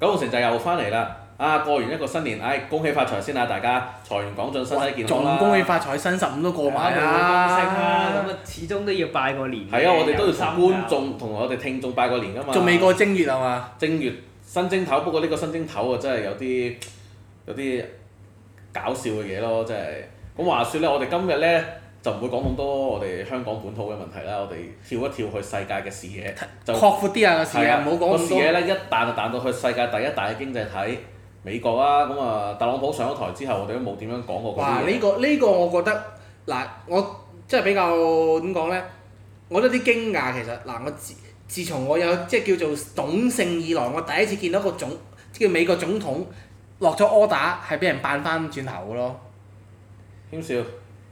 九號城就又翻嚟啦！啊，過完一個新年，唉、哎，恭喜發財先啦、啊，大家財源廣進，身體健康仲恭喜發財，新十五都過埋啦！始終都要拜個年。係啊，我哋都要同觀眾同情我哋聽眾拜個年㗎嘛！仲未過正月係嘛？正月新蒸頭，不過呢個新蒸頭啊，真係有啲有啲搞笑嘅嘢咯，真係。咁話說呢，我哋今日呢。就唔會講咁多我哋香港本土嘅問題啦，我哋跳一跳去世界嘅視野，就擴闊啲啊視野，唔好講視野咧，一彈就彈到去世界第一大嘅經濟體美國啦、啊。咁啊，特朗普上咗台之後，我哋都冇點樣講過。嗱呢個呢個，呢個，我覺得嗱，我真係比較點講咧？我有啲驚訝其實嗱，我自自從我有即係叫做懂性以來，我第一次見到個總即叫美國總統落咗 order 係俾人扮返轉頭嘅咯。軒少。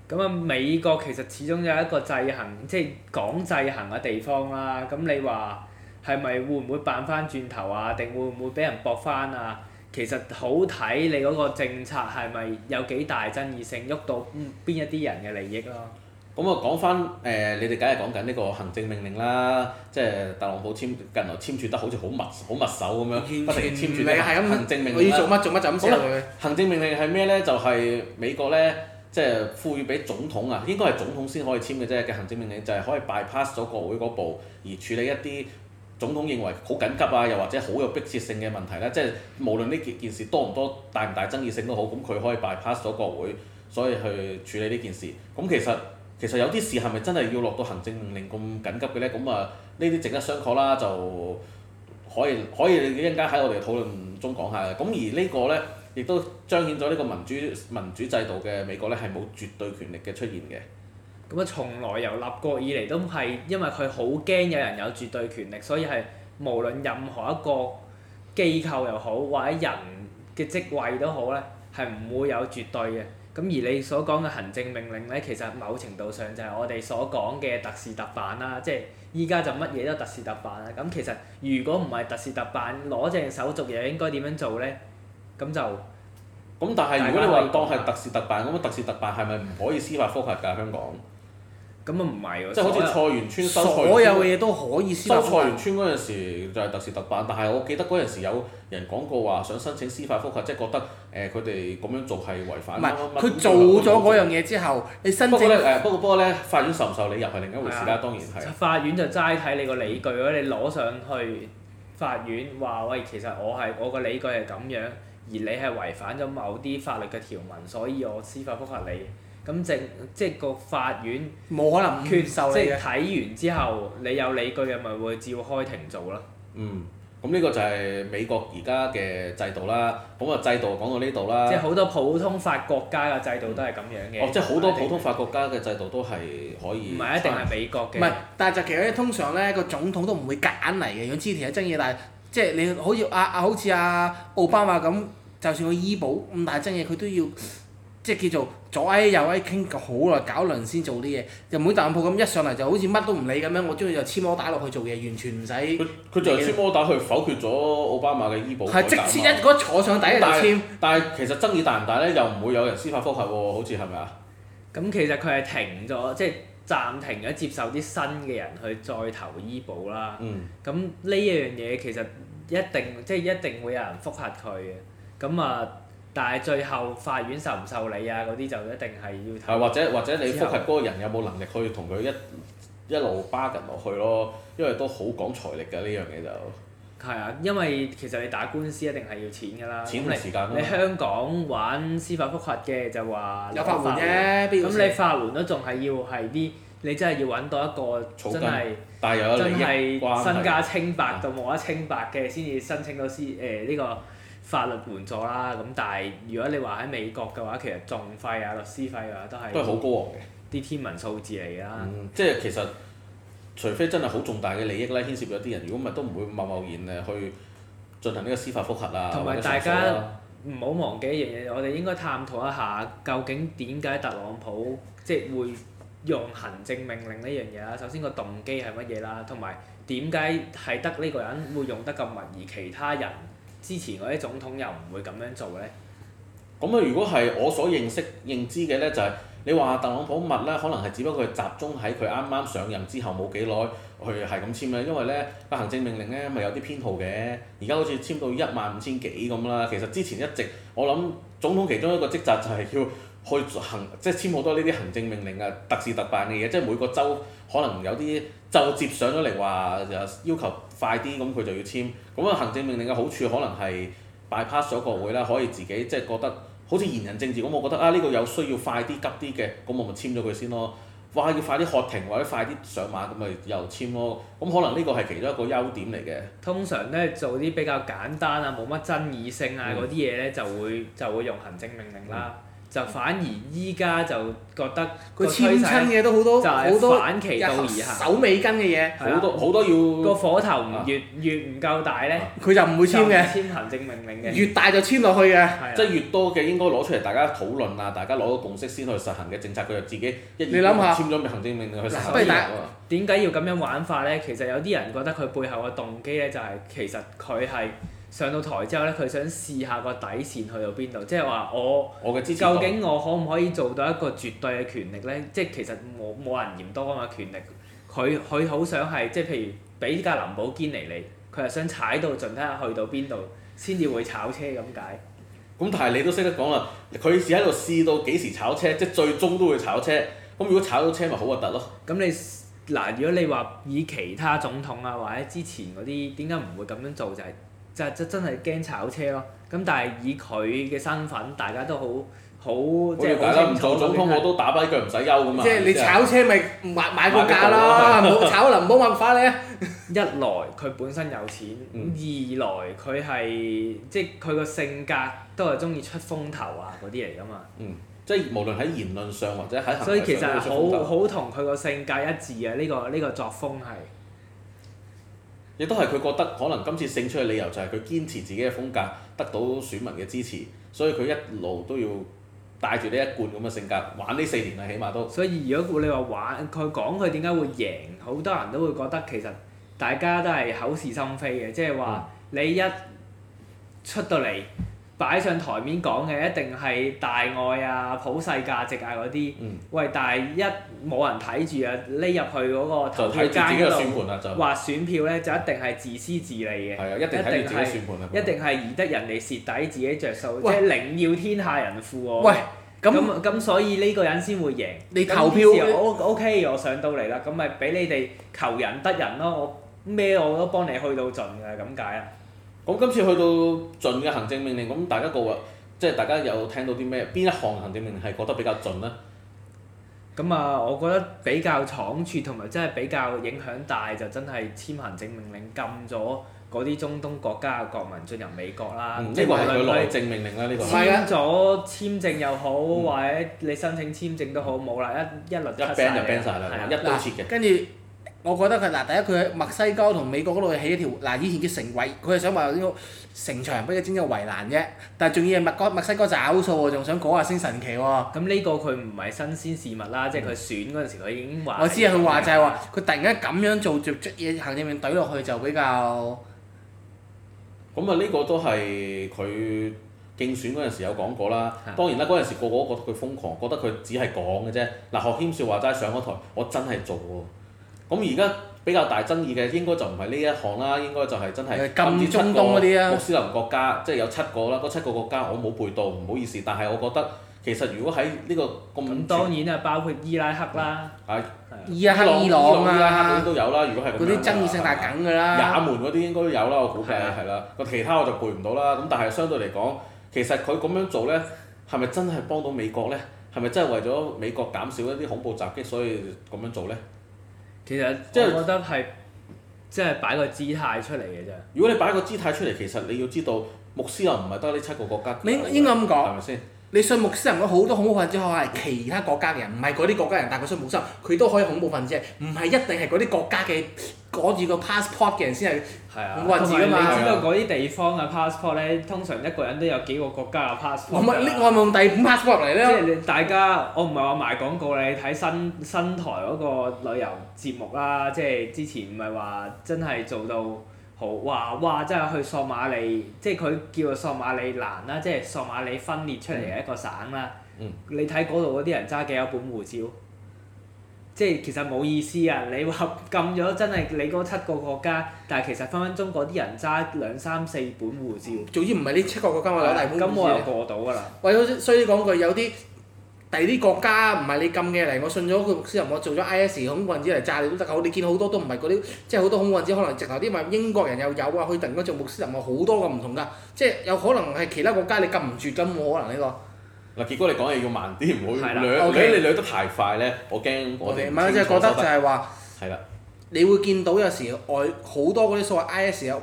咁啊，美國其實始終有一個制衡，即係講制衡嘅地方啦。咁你話係咪會唔會扮翻轉頭啊？定會唔會俾人駁翻啊？其實好睇你嗰個政策係咪有幾大爭議性，喐到邊一啲人嘅利益咯。咁啊、嗯，我講翻誒、呃，你哋梗係講緊呢個行政命令啦，即係特朗普簽近來簽署得好似好密好密手咁樣，嗯、不停簽署行政命令，你要做乜做乜就咁錯佢。他行政命令係咩咧？就係、是、美國咧。即係賦予俾總統啊，應該係總統先可以簽嘅啫嘅行政命令，就係可以 bypass 咗國會嗰部，而處理一啲總統認為好緊急啊，又或者好有迫切性嘅問題咧。即係無論呢件事多唔多、大唔大爭議性都好，咁佢可以 bypass 咗國會，所以去處理呢件事。咁其實其實有啲事係咪真係要落到行政命令咁緊急嘅咧？咁啊，呢啲值得商榷啦，就可以可以一陣間喺我哋討論中講下嘅。咁而個呢個咧。亦都彰顯咗呢個民主民主制度嘅美國咧，係冇絕對權力嘅出現嘅。咁啊，從來由立國以嚟都係因為佢好驚有人有絕對權力，所以係無論任何一個機構又好，或者人嘅職位都好咧，係唔會有絕對嘅。咁而你所講嘅行政命令咧，其實某程度上就係我哋所講嘅特事特辦啦，即係依家就乜嘢都特事特辦啦。咁其實如果唔係特事特辦，攞正手續又應該點樣做咧？咁就咁，但係如果你話當係特事特辦，咁特事特辦係咪唔可以司法覆核㗎？香港咁啊，唔係喎。即係好似菜園村收所有嘅嘢都可以司法覆核。收菜園村嗰陣時就係特事特辦，但係我記得嗰陣時有人講過話，想申請司法覆核，即係覺得誒佢哋咁樣做係違反。唔係佢做咗嗰樣嘢之後，你申請不。不過不過不過咧，法院受唔受理又係另一回事啦。當然係。法院就齋睇你個理據咯，如果你攞上去法院話喂，其實我係我個理據係咁樣。而你係違反咗某啲法律嘅條文，所以我司法複核你。咁正即係個法院冇可能唔接受你嘅。即係睇完之後，你有理據嘅，咪會照開庭做咯。嗯，咁呢個就係美國而家嘅制度啦。好啊，制度講到呢度啦。即係好多普通法國家嘅制度都係咁樣嘅、嗯。哦，即係好多普通法國家嘅制度都係可以。唔係一定係美國嘅。唔係，但係就其實，通常咧個總統都唔會夾硬嚟嘅，如果之前有爭議，但係即係你好似阿阿好似阿、啊、奧巴馬咁，就算佢醫保咁大劑嘢，佢都要即係叫做左挨右挨傾好耐，搞輪先做啲嘢。又唔會特朗普噉一上嚟就好似乜都唔理咁樣，我中意就簽摩打落去做嘢，完全唔使。佢佢就係簽摩打，去否決咗奧巴馬嘅醫保。係即簽一個坐上第一個簽。但係其實爭議大唔大咧？又唔會有人司法覆核喎，好似係咪啊？咁其實佢係停咗，即係。暫停咗接受啲新嘅人去再投醫保啦，咁呢一樣嘢其實一定即係一定會有人複核佢嘅。咁啊，但係最後法院受唔受理啊，嗰啲就一定係要睇。或者或者你複核嗰個人有冇能力去同佢一一路巴緊落去咯，因為都好講財力㗎。呢樣嘢就。係啊，因為其實你打官司一定係要錢㗎啦，咁你，你香港玩司法覆核嘅就話有法援啫，咁你法援都仲係要係啲你真係要揾到一個真係真係身家清白的到冇得清白嘅先至申請到司誒呢、嗯呃呢個法律援助啦。咁但係如果你話喺美國嘅話，其實訟費啊律師費啊都係都係好高昂嘅，啲天文數字嚟㗎、嗯。即係其實。除非真係好重大嘅利益咧，牽涉咗啲人，如果唔係都唔會貿貿然誒去進行呢個司法覆核啊。同埋、啊、大家唔好忘記一樣嘢，我哋應該探討一下究竟點解特朗普即係會用行政命令呢樣嘢啦。首先個動機係乜嘢啦？同埋點解係得呢個人會用得咁密，而其他人之前嗰啲總統又唔會咁樣做咧？咁啊！如果係我所認識、認知嘅咧、就係，就係。你話特朗普密咧，可能係只不過係集中喺佢啱啱上任之後冇幾耐，佢係咁簽啦。因為咧，行政命令咧咪有啲編號嘅。而家好似簽到 15, 一萬五千幾咁啦。其實之前一直我諗總統其中一個職責就係要去行即係簽好多呢啲行政命令啊、特事特辦嘅嘢。即係每個州可能有啲就接上咗嚟話就要求快啲，咁佢就要簽。咁啊，行政命令嘅好處可能係 bypass 咗國會啦，可以自己即係覺得。好似言人政治咁，我覺得啊，呢、這個有需要，要快啲急啲嘅，咁我咪簽咗佢先咯。哇，要快啲喝停或者快啲上馬，咁咪又簽咯。咁可能呢個係其中一個優點嚟嘅。通常咧做啲比較簡單啊，冇乜爭議性啊嗰啲嘢咧，呢嗯、就會就會用行政命令啦。嗯就反而依家就覺得佢簽親嘅都好多，好多，反其道而行。收尾根嘅嘢，好多好多要個火頭越越唔夠大咧，佢就唔會簽嘅。簽行政命令嘅越大就簽落去嘅，即係越多嘅應該攞出嚟大家討論啊，大家攞個共識先去實行嘅政策，佢就自己一意孤行簽咗個行政命令去實行啊嘛。點解要咁樣玩法咧？其實有啲人覺得佢背後嘅動機咧，就係其實佢係。上到台之後咧，佢想試下個底線去到邊度，即係話我究竟我可唔可以做到一個絕對嘅權力咧？即係其實冇冇人嫌多啊嘛權力。佢佢好想係即係譬如俾架林寶堅尼你，佢係想踩到盡睇下去到邊度，先至會炒車咁解。咁但係你都識得講啦，佢只係喺度試到幾時炒車，即係最終都會炒車。咁如果炒到車咪好核突咯？咁你嗱，如果你話以其他總統啊或者之前嗰啲，點解唔會咁樣做就係？就真真係驚炒車咯，咁但係以佢嘅身份，大家都好好的 即係好清楚，唔做總統，以我都打跛腳唔使憂噶嘛。即係你炒車咪買買個價咯，冇炒唔冇辦法。啊！ 一來佢本身有錢，嗯、二來佢係即係佢個性格都係中意出風頭啊嗰啲嚟噶嘛。嗯、即係無論喺言論上或者喺行為上，所以其實好好同佢個性格一致啊！呢、呢個呢、呢個作風係。亦都係佢覺得可能今次勝出嘅理由就係佢堅持自己嘅風格得到選民嘅支持，所以佢一路都要帶住呢一貫咁嘅性格玩呢四年啦，起碼都。所以如果估你話玩佢講佢點解會贏，好多人都會覺得其實大家都係口是心非嘅，即係話你一出到嚟。擺上台面講嘅一定係大愛啊、普世價值啊嗰啲。喂、嗯，但係一冇人睇住啊，匿入去嗰個投票間自己嘅算盤、啊、選票咧，就一定係自私自利嘅、啊。一定睇、啊、一定係以、嗯、得人哋蝕底，自己着數，即係寧要天下人負喎。喂。咁咁，所以呢個人先會贏。你投票。O，OK，我、OK，我上到嚟啦，咁咪俾你哋求仁得仁咯，我咩我都幫你去到盡嘅，咁解啊。咁今次去到盡嘅行政命令，咁大家覺啊，即係大家有聽到啲咩？邊一行行政命令係覺得比較盡呢？咁啊、嗯，我覺得比較倉促同埋真係比較影響大，就真係簽行政命令禁咗嗰啲中東國家嘅國民進入美國啦。呢個係佢攞證命令啦，呢個簽咗簽證又好，嗯、或者你申請簽證都好，冇啦、嗯、一一律。一 ban 就 ban 曬啦，的一刀切嘅。跟住。我覺得佢嗱，第一佢喺墨西哥同美國嗰度起一條嗱，以前嘅城圍，佢係想話呢個城牆，俾佢只係圍欄啫。但係仲要係墨西哥搞數喎，仲想講下先神奇喎、啊。咁呢個佢唔係新鮮事物啦，即係佢選嗰陣時，佢已經話。我知啊，佢話就係話佢突然間咁樣做，就出嘢行政命令懟落去就比較。咁啊，呢個都係佢競選嗰陣時有講過啦。當然啦，嗰陣時個個都覺得佢瘋狂，覺得佢只係講嘅啫。嗱，何謙說話齋上嗰台，我真係做喎。咁而家比較大爭議嘅應該就唔係呢一行啦，應該就係真係禁止，中東嗰啲啊，穆斯林國家即係、就是、有七個啦，嗰七個國家我冇背到，唔好意思。但係我覺得其實如果喺呢、這個咁當然啊，包括伊拉克啦，啊對的伊拉克、伊朗伊拉克嗰啲都有啦。如果係嗰啲爭議性大梗㗎啦。的也門嗰啲應該都有啦，我估計係啦。個的其他我就背唔到啦。咁但係相對嚟講，其實佢咁樣做咧，係咪真係幫到美國咧？係咪真係為咗美國減少一啲恐怖襲擊，所以咁樣做咧？其實我覺得係，即係擺個姿態出嚟嘅啫。如果你擺個姿態出嚟，其實你要知道，穆斯林唔係得呢七個國家。你應該咁講，係咪先？你信穆斯林好多恐怖份子，可能係其他國家嘅人，唔係嗰啲國家人，但佢信穆斯林，佢都可以恐怖份子，唔係一定係嗰啲國家嘅嗰住個 passport 嘅人先係恐怖份子㗎嘛。啊、你知道嗰啲地方嘅 passport 咧，通常一個人都有幾個國家嘅 passport。我咪拎我用第五 passport 嚟咧。即係你大家，我唔係話賣廣告，你睇新新台嗰個旅遊節目啦，即係之前唔係話真係做到。話哇，哇，真係去索馬里，即係佢叫索馬里蘭啦，即係索馬里分裂出嚟嘅一個省啦。嗯嗯、你睇嗰度嗰啲人揸幾多本護照？即係其實冇意思啊！你話禁咗真係你嗰七個國家，但係其實分分鐘嗰啲人揸兩三四本護照。仲要唔係呢七個國家攞大本護照，咁我又過到㗎啦。喂，所以講句有啲。第啲國家唔係你禁嘅嚟，我信咗個穆斯林，我做咗 I.S. 恐怖分子嚟炸你都得嘅。你見好多都唔係嗰啲，即係好多恐怖分子可能直頭啲咪英國人又有啊，佢突然間做穆斯林，我好多個唔同㗎，即係有可能係其他國家你禁唔住㗎，冇可能呢個。嗱，傑哥你講嘢要慢啲，唔好兩你你兩得太快咧，我驚我哋唔係我即係覺得就係話，係啦，你會見到有時外好多嗰啲所謂 I.S. 有誒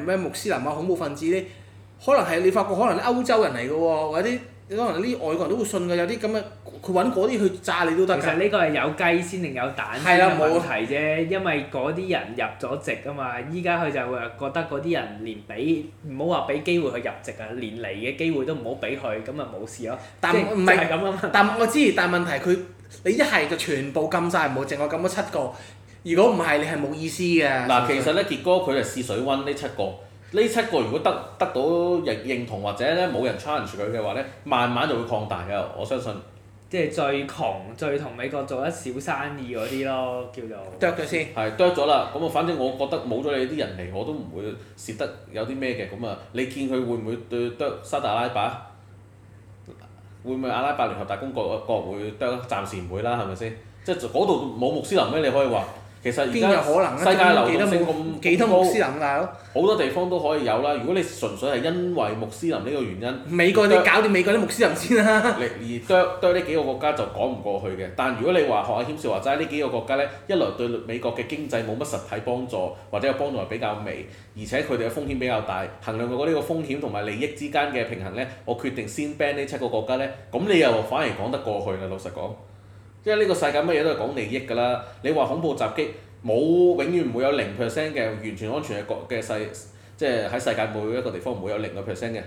咩、呃、穆斯林啊恐怖分子咧，可能係你發覺可能啲歐洲人嚟㗎喎，或者啲。你可能啲外國人都會信㗎，有啲咁嘅，佢揾嗰啲去炸你都得㗎。其實呢個係有雞先定有蛋嘅問題啫，因為嗰啲人入咗籍啊嘛，依家佢就覺得嗰啲人連俾唔好話俾機會佢入籍啊，連嚟嘅機會都唔好俾佢，咁咪冇事咯。但唔係，但我知，但問題佢你一係就全部禁曬，冇剩我禁咗七個。如果唔係，你係冇意思嘅。嗱，其實咧傑哥佢係試水溫呢七個。呢七個如果得得到認認同或者咧冇人 challenge 佢嘅話咧，慢慢就會擴大嘅，我相信。即係最窮最同美國做一小生意嗰啲咯，叫做。drop 佢先。係 drop 咗啦，咁啊，反正我覺得冇咗你啲人嚟，我都唔會蝕得有啲咩嘅，咁啊，你見佢會唔會 drop 沙特阿拉伯？會唔會阿拉伯聯合大公國國會 drop？暫時唔會啦，係咪先？即係嗰度冇穆斯林咩？你可以話。其實而家世界流動冇，咁幾多穆斯林大佬，好多地方都可以有啦。如果你純粹係因為穆斯林呢個原因，美國你搞掂美國啲穆斯林先啦。而而剁呢幾個國家就講唔過去嘅。但如果你話學阿、啊、謙少話齋呢幾個國家咧，一來對美國嘅經濟冇乜實體幫助，或者個幫助係比較微，而且佢哋嘅風險比較大。衡量過呢個風險同埋利益之間嘅平衡咧，我決定先 ban 呢七個國家咧。咁你又反而講得過去喇。老實講。即係呢個世界乜嘢都係講利益㗎啦！你話恐怖襲擊冇，永遠唔會有零 percent 嘅完全安全嘅國嘅世，即係喺世界每一個地方唔會有零個 percent 嘅。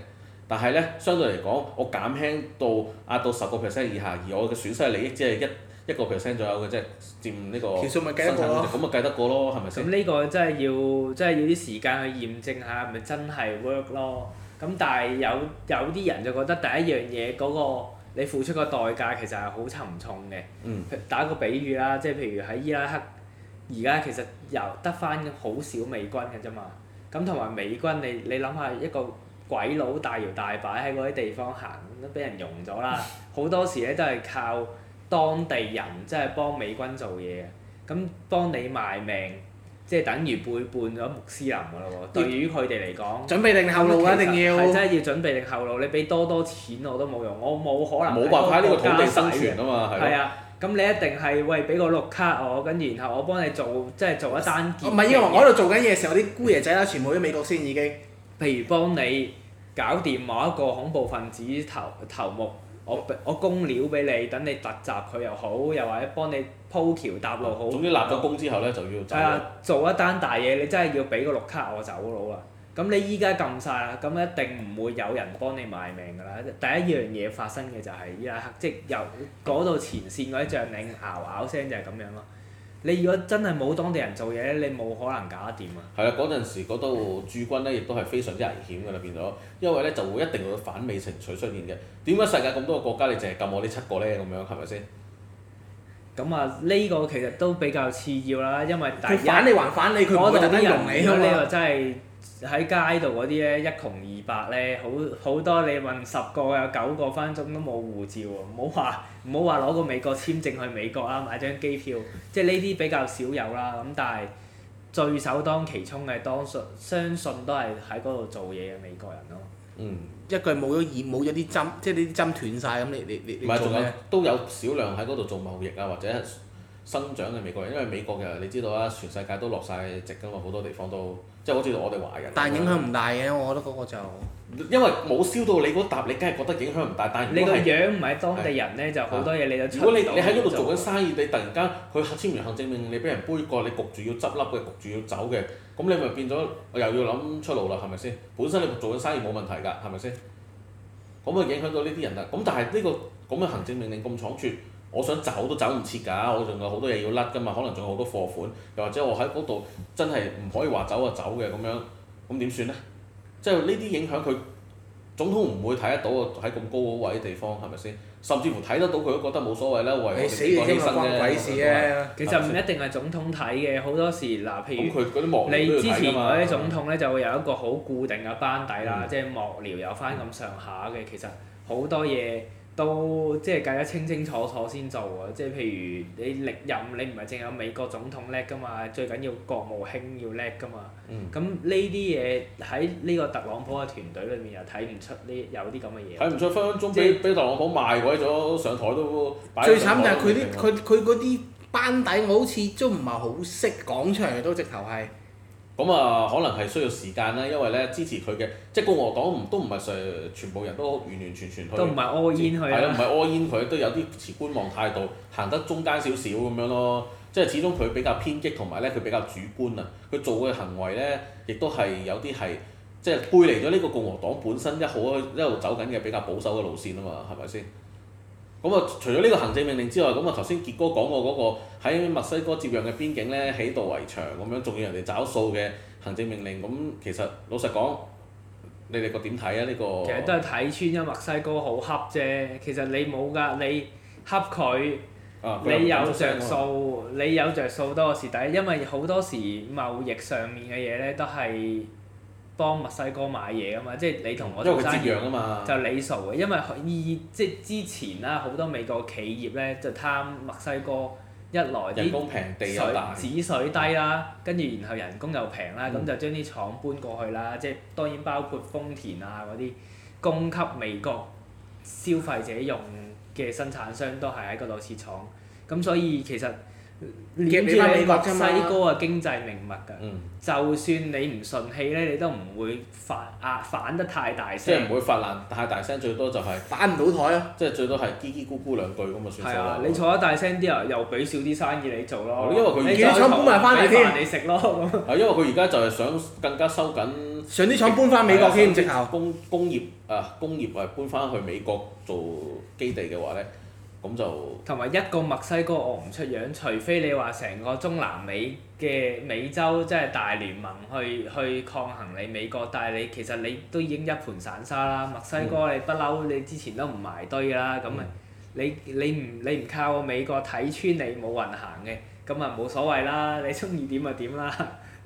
但係咧，相對嚟講，我減輕到壓到十個 percent 以下，而我嘅損失嘅利益只係一一個 percent 左右嘅啫，佔呢個生產力咁咪計得過咯？係咪先？咁呢個真係要真係要啲時間去驗證下，係咪真係 work 咯？咁但係有有啲人就覺得第一樣嘢嗰個。你付出個代價其實係好沉重嘅。嗯、打個比喻啦，即係譬如喺伊拉克，而家其實又得返好少美軍㗎咋嘛。咁同埋美軍，你你諗下一個鬼佬大搖大擺喺嗰啲地方行，都俾人溶咗啦。好 多時咧都係靠當地人，即係幫美軍做嘢，咁幫你賣命。即係等於背叛咗穆斯林㗎喇喎，對於佢哋嚟講，準備定後路啊，一定要係真係要準備定後路。你俾多多錢我都冇用，我冇可能冇辦法喺呢個土地生存啊嘛，係啊、嗯。咁你一定係喂俾個綠卡我，跟住然後我幫你做即係做一單。唔係因為我喺度做緊嘢嘅時候，啲姑爺仔啦全部都美國先已經。譬如幫你搞掂某一個恐怖分子頭頭目。我我供料俾你，等你突襲佢又好，又或者幫你鋪橋搭路好。總之立咗功之後咧，就要走。係啊，做一單大嘢，你真係要俾個綠卡我走佬啦。咁你依家禁晒啦，咁一定唔會有人幫你賣命㗎啦。第一樣嘢發生嘅就係伊拉克，即由嗰度前線嗰啲將領咬咬、呃呃、聲就係咁樣咯。你如果真係冇當地人做嘢咧，你冇可能搞得掂啊！係啊，嗰陣時嗰度駐軍咧，亦都係非常之危險噶啦，變咗，因為咧就會一定會反美情緒出現嘅。點解世界咁多個國家，你淨係撳我呢七個咧？咁樣係咪先？咁啊，呢個其實都比較次要啦，因為佢反你還反你，佢冇得容你咯。呢個真係～喺街度嗰啲咧一窮二白咧，好好多你問十個有九個分分鐘都冇護照喎，唔好話唔好話攞個美國簽證去美國啦，買張機票，即係呢啲比較少有啦，咁但係最首當其衝嘅，當信相信都係喺嗰度做嘢嘅美國人咯。嗯、一句冇咗耳，冇咗啲針，即呢啲針斷晒。咁，你你你唔係仲有？都有少量喺嗰度做貿易啊，或者。生長嘅美國人，因為美國嘅你知道啦，全世界都落晒值噶嘛，好多地方都即係好似我哋華人。但係影響唔大嘅，我覺得嗰個就因為冇燒到你嗰笪，你梗係覺得影響唔大。但係你個樣唔係當地人咧，的就好多嘢你就知如果你喺嗰度做緊生意，就你突然間佢簽完行政命令，嗯、你俾人杯葛，你焗住要執笠嘅，焗住要走嘅，咁你咪變咗又要諗出路啦，係咪先？本身你做緊生意冇問題㗎，係咪先？咁啊影響到呢啲人啦，咁但係呢、這個咁嘅行政命令咁倉促。我想走都走唔切㗎，我仲有好多嘢要甩㗎嘛，可能仲有好多貨款，又或者我喺嗰度真係唔可以話走就走嘅咁樣，咁點算咧？即係呢啲影響佢總統唔會睇得到喺咁高嗰位地方係咪先？甚至乎睇得到佢都覺得冇所謂啦，為我哋國家犧牲啫，死咗都關我鬼事啊。其實唔一定係總統睇嘅，好多時嗱，譬如那那你之前嗰啲總統咧，就會有一個好固定嘅班底啦，嗯、即係幕僚有翻咁上下嘅，嗯、其實好多嘢。都即係計得清清楚楚先做啊！即係譬如你歷任，你唔係淨有美國總統叻㗎嘛，最緊要國務卿要叻㗎嘛。嗯。咁呢啲嘢喺呢個特朗普嘅團隊裏面又睇唔出呢，有啲咁嘅嘢。睇唔出，分分鐘俾俾是特朗普賣鬼咗上台都。台最慘就係佢啲佢佢嗰啲班底，我好似都唔係好識講出嚟，都直頭係。咁啊，可能係需要時間啦，因為咧支持佢嘅，即係共和黨唔都唔係成全部人都完完全全去，都唔係 all in 去，係咯，唔係 all in 佢都有啲持觀望態度，行得中間少少咁樣咯。即係始終佢比較偏激，同埋咧佢比較主觀啊。佢做嘅行為咧，亦都係有啲係即係背離咗呢個共和黨本身一號一路走緊嘅比較保守嘅路線啊嘛，係咪先？咁啊，除咗呢個行政命令之外，咁啊頭先傑哥講過嗰個喺墨西哥接壤嘅邊境咧，起道圍牆咁樣，仲要人哋找數嘅行政命令，咁其實老實講，你哋個點睇啊？呢個其實都係睇穿咗墨西哥好恰啫，其實你冇㗎，你恰佢，啊、你有着數，啊、你有着數多過，蝕底，因為好多時貿易上面嘅嘢咧，都係。幫墨西哥買嘢啊嘛，即係你同我做生意一樣啊嘛，就你傻嘅，因為二即係之前啦，好多美國企業咧就貪墨西哥一來，人工平地又大，水水低啦，跟住然後人工又平啦，咁、嗯、就將啲廠搬過去啦，即係當然包括豐田啊嗰啲供給美國消費者用嘅生產商都係喺嗰度設廠，咁所以其實。連住美國西哥嘅經濟命脈㗎，就算你唔順氣咧，你都唔會反壓、啊、反得太大聲，即係唔會發爛，太大聲最多就係打唔到台啊！即係最多係嘰嘰咕咕兩句咁啊，算數啦。係啊，你坐得大聲啲啊，又俾少啲生意你做咯。嗯、因為佢啲廠搬埋翻嚟添。係因為佢而家就係想更加收緊，上啲廠搬翻美國添，唔值工工業啊，工業係搬翻去美國做基地嘅話咧。咁就同埋一個墨西哥，我唔出樣，除非你話成個中南美嘅美洲，即係大聯盟去去抗衡你美國，但係你其實你都已經一盤散沙啦。墨西哥你不嬲，你之前都唔埋堆啦，咁咪你你唔你唔靠美國睇穿你冇運行嘅，咁啊冇所謂啦，你中意點就點啦，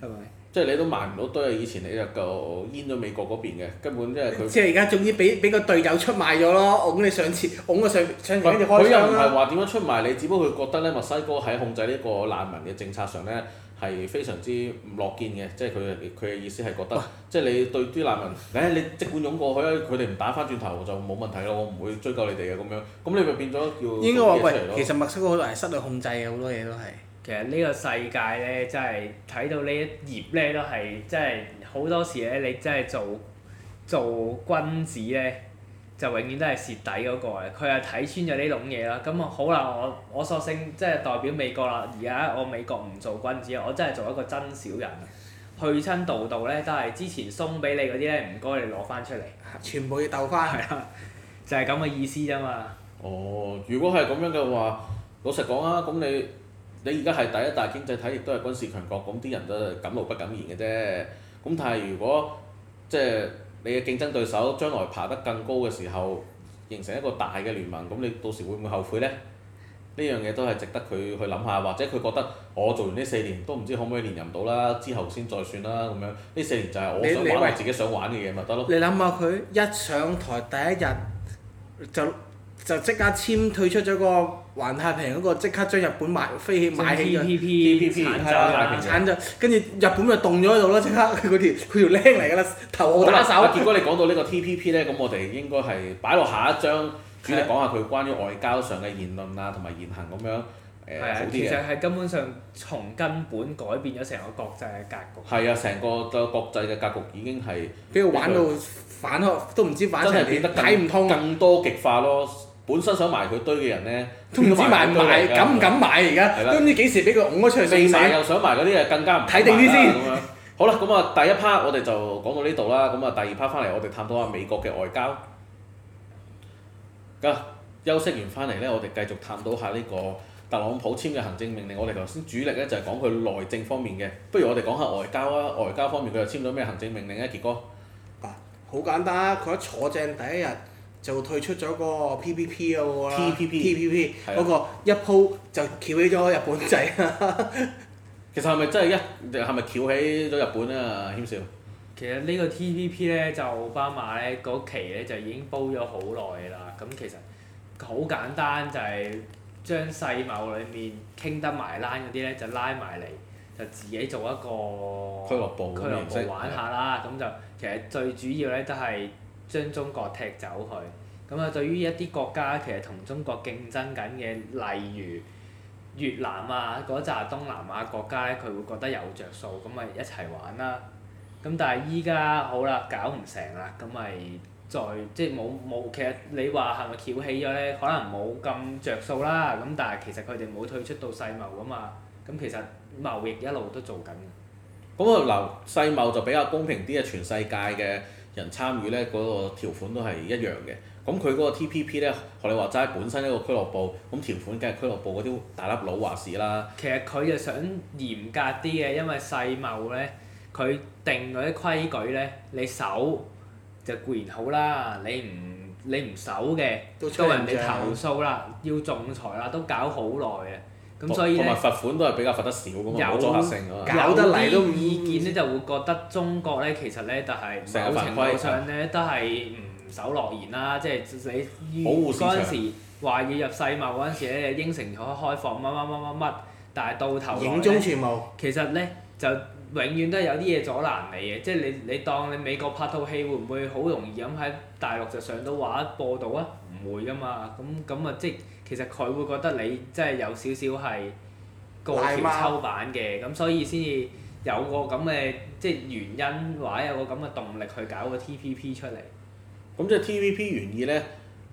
係咪？即係你都買唔到堆，嘅，以前你只嚿淹咗美國嗰邊嘅，根本即係佢。即係而家仲要俾俾個隊友出賣咗咯！我咁你上前，㧬個上上邊就開槍啦。佢又唔係話點樣出賣你，只不過佢覺得咧，墨西哥喺控制呢個難民嘅政策上咧係非常之唔樂見嘅，即係佢佢嘅意思係覺得，哇 即係你對啲難民，哎、你你即管湧過去啊，佢哋唔打翻轉頭就冇問題啦，我唔會追究你哋嘅咁樣。咁你咪變咗叫。應該話喂，其實墨西哥係失咗控制嘅好多嘢都係。其實呢個世界咧，真係睇到呢一頁咧，都係真係好多時咧，你真係做做君子咧，就永遠都係蝕底嗰個啊！佢係睇穿咗呢種嘢啦，咁啊好啦，我我索性即係代表美國啦，而家我美國唔做君子啊，我真係做一個真小人，去親道道咧都係之前送俾你嗰啲咧，唔該你攞翻出嚟，全部要鬥翻係啦，就係咁嘅意思啫嘛。哦，如果係咁樣嘅話，老實講啊，咁你～你而家係第一大經濟體，亦都係軍事強國，咁啲人都敢怒不敢言嘅啫。咁但係如果即係、就是、你嘅競爭對手將來爬得更高嘅時候，形成一個大嘅聯盟，咁你到時會唔會後悔呢？呢樣嘢都係值得佢去諗下，或者佢覺得我做完呢四年都唔知可唔可以連任到啦，之後先再算啦咁樣。呢四年就係我想玩我自己想玩嘅嘢咪得咯。你諗下佢一上台第一日就就即刻簽退出咗個環太平洋嗰個，即刻將日本買飛起買起咗，TPP TPP，跟住日本咪凍咗喺度啦！即刻佢條佢條僆嚟噶啦，頭號打手！結果你講到呢個 T P P 咧，咁我哋應該係擺落下一張，主要講下佢關於外交上嘅言論啊，同埋言行咁樣誒。係啊，其實係根本上從根本改變咗成個國際嘅格局。係啊，成個個國際嘅格局已經係。俾佢玩到反學都唔知反。真係變得睇唔通。更多極化咯～本身想埋佢堆嘅人呢，都唔知買唔買，敢唔敢買而家，都唔知幾時俾佢拱咗出去。未買又想埋嗰啲啊，更加唔睇定啲先。好啦，咁啊第一 part 我哋就講到呢度啦，咁啊第二 part 翻嚟我哋探討下美國嘅外交。休息完翻嚟呢，我哋繼續探討下呢個特朗普簽嘅行政命令。我哋頭先主力呢就係講佢內政方面嘅，不如我哋講下外交啊。外交方面佢又簽咗咩行政命令咧？杰哥，啊，好簡單，佢一坐正第一日。就退出咗個，p 個 T, PP, T P P 嗰個啦 p P P p p 嗰個一鋪就翹起咗日本仔。其實係咪真係一係咪翹起咗日本啊？謙少。其實呢個 T P P 咧就奧巴馬咧嗰期咧就已經煲咗好耐啦。咁其實好簡單就係將世貿裏面傾得埋 l 嗰啲咧就拉埋嚟，就自己做一個俱樂部，部，部玩下啦。咁就是、其實最主要咧都係。將中國踢走去，咁啊對於一啲國家其實同中國競爭緊嘅，例如越南啊嗰紮東南亞國家咧，佢會覺得有着數，咁咪一齊玩啦。咁但係依家好啦，搞唔成啦，咁咪再即冇冇，其實你話係咪翹起咗咧？可能冇咁着數啦。咁但係其實佢哋冇退出到世貿啊嘛。咁其實貿易一路都做緊。咁啊，嗱，世貿就比較公平啲啊，全世界嘅。人參與咧，嗰、那個條款都係一樣嘅。咁佢嗰個 TPP 咧，學你話齋本身一個俱樂部，咁條款梗係俱樂部嗰啲大粒佬話事啦。其實佢就想嚴格啲嘅，因為世貿咧，佢定嗰啲規矩咧，你守就固然好啦。你唔你唔守嘅，都，都人哋投訴啦，要仲裁啦，都搞好耐嘅。咁所以咧，同埋罰款都係比較罰得少噶嘛，阻嚇性啊嘛。有啲不意見咧就會覺得中國咧，其實咧，就係某程度上咧都係唔守諾言啦、啊，的即係你嗰陣時話要入世貿嗰陣時咧，應承咗開放乜乜乜乜乜，但係到頭嚟其實咧就永遠都有啲嘢阻攔你嘅，即係你你，你當你美國拍套戲會唔會好容易咁喺大陸就上到畫播到啊？唔會噶嘛，咁咁啊即。其實佢會覺得你即係有少少係過橋抽板嘅，咁貓所以先至有個咁嘅即係原因，或者有個咁嘅動力去搞個 TPP 出嚟。咁即係 TPP 原意呢，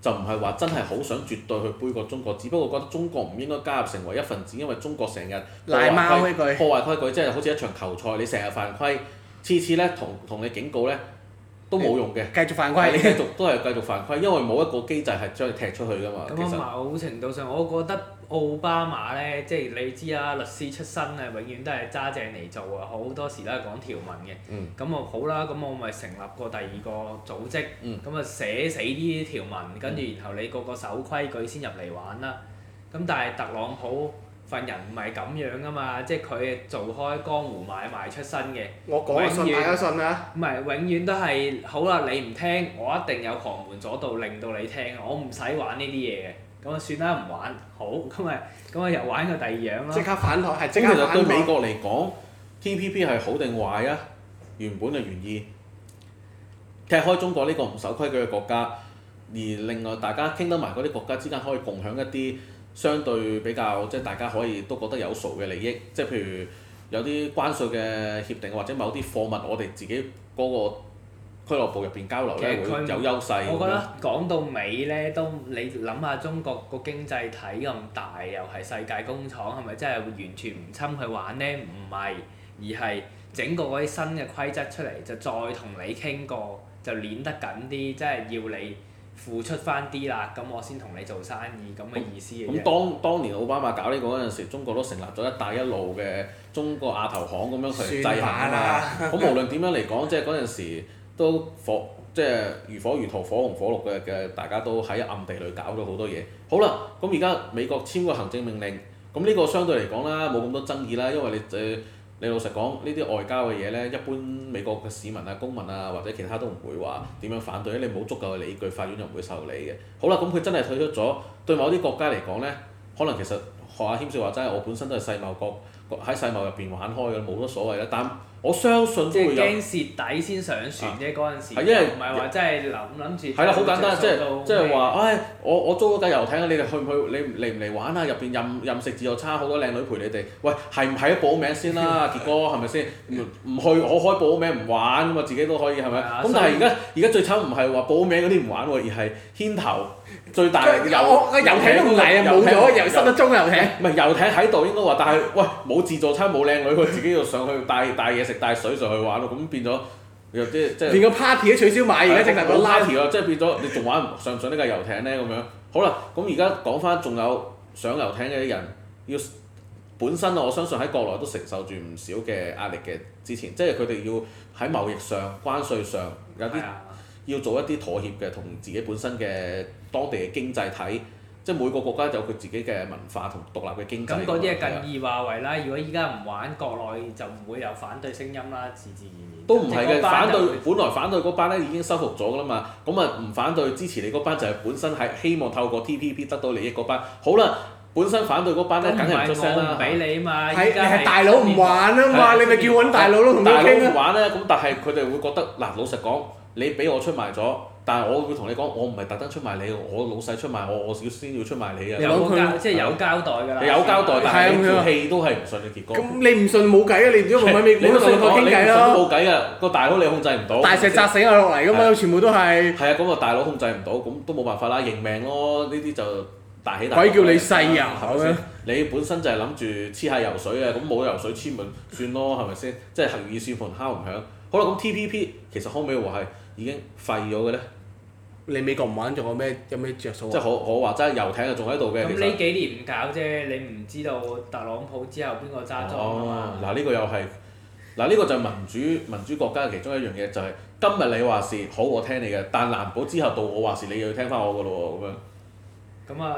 就唔係話真係好想絕對去背過中國，只不過覺得中國唔應該加入成為一份子，因為中國成日破壞規,貓破壞規矩，破壞規矩，即係好似一場球賽，你成日犯規，次次呢同同你警告呢。都冇用嘅，繼續犯規，你繼續都係繼續犯規，因為冇一個機制係將你踢出去㗎嘛。咁其實某程度上，我覺得奧巴馬咧，即係你知啦，律師出身啊，永遠都係揸正嚟做啊、嗯，好多時都係講條文嘅。咁我好啦，咁我咪成立個第二個組織，咁啊寫死啲條文，跟住然後你個個守規矩先入嚟玩啦。咁、嗯、但係特朗普份人唔係咁樣噶嘛，即係佢做開江湖買賣,賣,賣出身嘅，我講嘢，唔係遠，永遠都係好啦。你唔聽，我一定有旁門左道令到你聽。我唔使玩呢啲嘢嘅，咁就算啦，唔玩。好，咁咪咁咪又玩個第二樣啦。即刻反台係。即其實對美國嚟講，T P P 係好定壞啊？原本就願意踢開中國呢個唔守規矩嘅國家，而另外大家傾得埋嗰啲國家之間可以共享一啲。相對比較，即係大家可以都覺得有數嘅利益，即係譬如有啲關稅嘅協定，或者某啲貨物我哋自己嗰個俱樂部入邊交流咧，會有優勢。么我覺得講到尾咧，都你諗下中國個經濟體咁大，又係世界工廠，係咪真係會完全唔侵佢玩咧？唔係，而係整個嗰啲新嘅規則出嚟，就再同你傾過，就攣得緊啲，即係要你。付出翻啲啦，咁我先同你做生意咁嘅意思嘅。咁當當年奧巴馬搞呢個嗰陣時，中國都成立咗一帶一路嘅中國亞投行咁樣去制衡啊。咁了 無論點樣嚟講，即係嗰陣時都火，即係如火如荼、火紅火綠嘅嘅，大家都喺暗地裏搞咗好多嘢。好啦，咁而家美國簽個行政命令，咁呢個相對嚟講啦，冇咁多爭議啦，因為你誒。你老實講，呢啲外交嘅嘢咧，一般美國嘅市民啊、公民啊，或者其他都唔會話點樣反對，因為你冇足夠嘅理據，法院就唔會受理嘅。好啦，咁佢真係退出咗，對某啲國家嚟講咧，可能其實學阿謙說話齋，我本身都係世貿國，喺世貿入邊玩開㗎，冇乜所謂啦，但。我相信會即係驚蝕底先上船啫嗰陣時，因為唔係話真係諗諗住。係啦、啊，好、啊、簡單，即係即係話，唉麼、哎！我我租咗架遊艇，你哋去唔去？你嚟唔嚟玩啊？入邊任任食自助餐，好多靚女陪你哋。喂，係唔係都報名先啦、啊？ 杰哥，係咪先？唔 去，我可以報名唔玩噶嘛，自己都可以係咪？咁 但係而家而家最慘唔係話報名嗰啲唔玩喎，而係牽頭。最大遊，個遊艇都唔嚟啊！冇咗遊，了遊，失咗中遊艇。唔係、啊、遊艇喺度應該話，但係喂，冇自助餐，冇靚女，佢自己要上去帶帶嘢食帶水上去玩咯。咁變咗有啲即係。就是、連個 party 都取消埋而家淨係講。有 party 啊，即、就、係、是、變咗 你仲玩上唔上呢個遊艇咧？咁樣好啦。咁而家講翻仲有上遊艇嘅啲人要本身，我相信喺國內都承受住唔少嘅壓力嘅。之前即係佢哋要喺貿易上關稅上有啲的要做一啲妥協嘅，同自己本身嘅。當地嘅經濟體，即係每個國家有佢自己嘅文化同獨立嘅經濟。咁嗰啲係近義話為啦，如果依家唔玩國內，就唔會有反對聲音啦，自自然然。都唔係嘅，反對會本來反對嗰班咧已經收服咗㗎啦嘛，咁啊唔反對支持你嗰班就係本身係希望透過 TPP 得到利益嗰班。好啦，本身反對嗰班咧，梗係唔出聲啦。唔俾你啊嘛，是你係大佬唔玩啊嘛，的你咪叫揾大佬咯，同佢傾啊。玩咧、啊，咁但係佢哋會覺得嗱，老實講，你俾我出賣咗。但係我會同你講，我唔係特登出賣你，我老細出賣我，我先要出賣你啊！有交，即係有交代㗎啦。有交代，但係條氣都係唔信嘅結果。咁你唔信冇計啊！你唔知問咩？你都同我冇計啊！個大佬你控制唔到。大石砸死我落嚟㗎嘛！全部都係。係啊，嗰個大佬控制唔到，咁都冇辦法啦，認命咯。呢啲就大起大落。鬼叫你細人，好咩？你本身就係諗住黐下游水嘅，咁冇游水黐咪算咯，係咪先？即係閏與扇門敲唔響。好啦，咁 TPP 其實後尾話係已經廢咗嘅咧。你美國唔玩仲有咩？有咩著數？好，即係可可話齋，遊艇就仲喺度嘅。咁你實幾年唔搞啫，你唔知道特朗普之後邊個揸咗？啊嗱，呢個又係嗱，呢個就民主民主國家其中一樣嘢，就係、是、今日你話事，好，我聽你嘅，但係難保之後到我話事，你又要聽翻我噶咯喎咁樣。咁啊！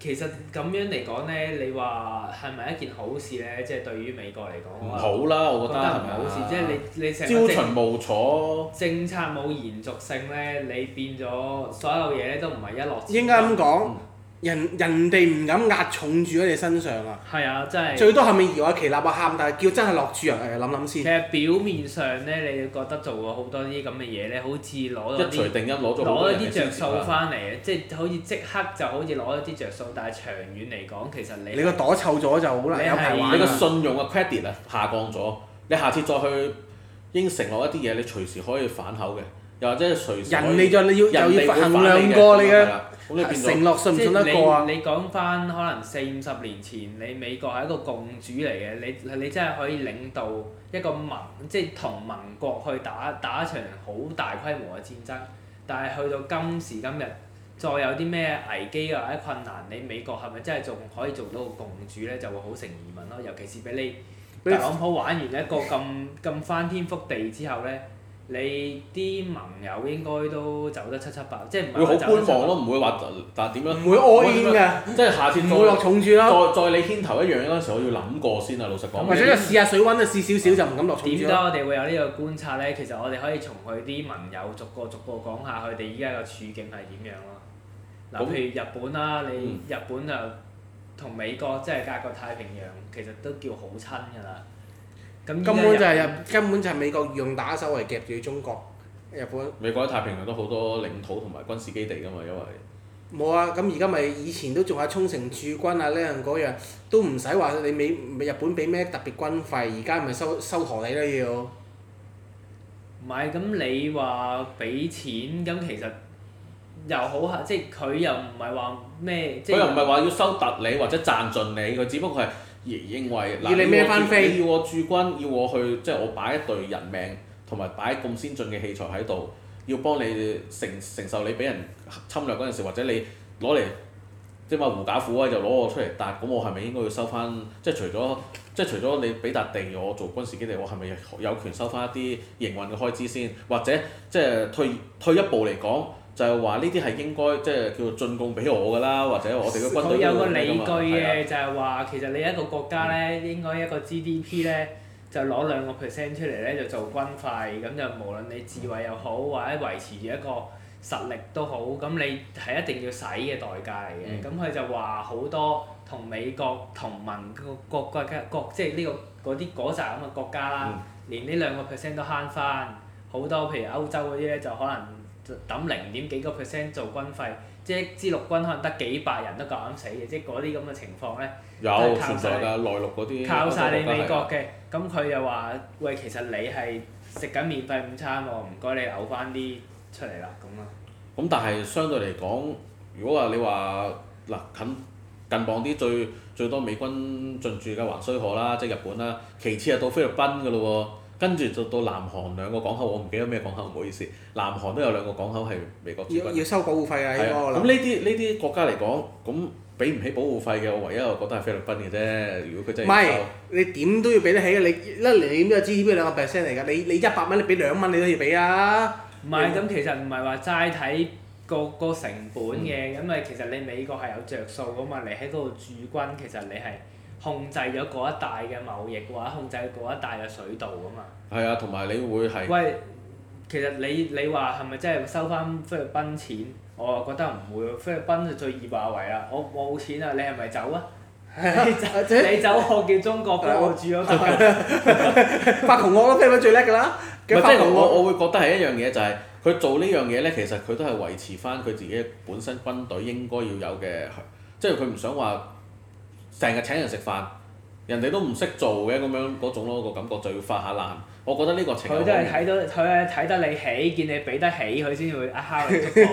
其實咁樣嚟講咧，你話係咪一件好事咧？即係對於美國嚟講唔好啦，我覺得唔係好事，係咪？即係你你成日朝秦暮楚，政策冇延續性咧，你變咗所有嘢咧都唔係一落千丈。應該人人哋唔敢壓重住喺你身上啊！係啊，真係最多係咪搖下旗立下、啊、喊，但係叫真係落住人，諗諗先。其實表面上咧，你覺得做過好多啲咁嘅嘢咧，好似攞咗啲一槌定音攞咗啲著數翻嚟嘅，即係好似即刻就好似攞咗啲著數，但係長遠嚟講，其實你你個朵臭咗就好難有排玩。你個信用嘅 credit 啊下降咗，你下次再去應承落一啲嘢，你隨時可以反口嘅，又或者隨時人哋就你要又要衡量過你嘅。啊！承諾信唔信得過啊？即係你講翻，可能四五十年前，你美國係一個共主嚟嘅，你你真係可以領導一個盟，即係同盟國去打打一場好大規模嘅戰爭。但係去到今時今日，再有啲咩危機啊、啲困難，你美國係咪真係仲可以做到個共主咧？就會好成疑問咯。尤其是俾你特朗普玩完一個咁咁翻天覆地之後咧。你啲盟友應該都走得七七八，即係唔會好觀望咯，唔會話，但係點樣？唔會哀怨嘅，即係下次唔會落重注啦。再再你牽頭一樣嗰陣時，我要諗過先啊，老實講。咁咪試下水温啊，試少少、嗯、就唔敢落重。點解我哋會有呢個觀察咧？其實我哋可以從佢啲盟友逐個逐個,逐個講下佢哋依家嘅處境係點樣咯、啊。嗱、呃，嗯、譬如日本啦、啊，你日本,、啊嗯、你日本就同美國即係隔個太平洋，其實都叫好親噶啦。根本就係日本，根本就係美國用打手嚟夾住中國、日本。美國喺太平洋都好多領土同埋軍事基地㗎嘛，因為。冇啊！咁而家咪以前都仲有沖繩駐軍啊，呢樣嗰樣都唔使話你美日本俾咩特別軍費，而家咪收收賀禮都要。唔係，咁你話俾錢，咁其實又好嚇，即係佢又唔係話咩。佢又唔係話要收特你或者賺盡你，佢只不過係。認為嗱，而你 要我駐駛要我駐軍，要我去即係、就是、我擺一隊人命，同埋擺咁先進嘅器材喺度，要幫你承承受你俾人侵略嗰陣時，或者你攞嚟即係話狐假虎威就攞我出嚟，但係咁我係咪應該要收翻？即、就、係、是、除咗即係除咗你俾笪地我做軍事基地，我係咪有權收翻一啲營運嘅開支先？或者即係、就是、退退一步嚟講，就係話呢啲係應該即係叫做進貢俾我㗎啦，或者我哋嘅軍隊佢有個理據嘅，啊、就係話其實你一個國家咧，應該一個 GDP 咧就攞兩個 percent 出嚟咧就做軍費，咁就無論你智慧又好或者維持住一個實力都好，咁你係一定要使嘅代價嚟嘅。咁佢、嗯、就話好多同美國同盟、個國家嘅國，即係呢個嗰啲嗰扎咁嘅國家啦，嗯、連呢兩個 percent 都慳翻。好多譬如歐洲嗰啲咧，就可能。抌零點幾個 percent 做軍費，即係一支陸軍可能得幾百人都夠膽死嘅，即係嗰啲咁嘅情況咧，有靠晒嘅內陸嗰啲，靠晒你美國嘅，咁佢又話：喂，其實你係食緊免費午餐喎，唔該你嘔翻啲出嚟啦，咁啊。咁但係相對嚟講，如果話你話嗱近近傍啲最最多美軍進駐嘅橫須賀啦，即係日本啦，其次係到菲律賓嘅咯喎。跟住就到南韓兩個港口，我唔記得咩港口，唔好意思。南韓都有兩個港口係美國駐軍。要要收保護費啊！呢咁呢啲呢啲國家嚟講，咁俾唔起保護費嘅，我唯一我覺得係菲律賓嘅啫。如果佢真係收，你點都要俾得起嘅。你一點都有支持一兩個 percent 嚟㗎。你你一百蚊你俾兩蚊你都要俾啊。唔係是，咁會其實唔係話齋睇個個成本嘅，咁啊、嗯、其實你美國係有着數㗎嘛。你喺嗰度駐軍，其實你係。控制咗嗰一帶嘅貿易嘅話，控制嗰一帶嘅水道㗎嘛。係啊、嗯，同埋你會係。喂，其實你你話係咪真係收翻菲律賓錢？我覺得唔會，菲律賓就最易話為啊。我冇錢啊，你係咪走啊？你走，我叫中國，我住咗。發窮我都菲律賓最叻㗎啦！即係我我會覺得係一樣嘢、就是，就係佢做呢樣嘢咧，其實佢都係維持翻佢自己本身軍隊應該要有嘅，即係佢唔想話。成日請人食飯，人哋都唔識做嘅咁樣嗰種咯，個感覺就要發下難。我覺得呢個情況，佢真係睇到佢睇得你起，見你俾得起，佢先會嗌你食飯。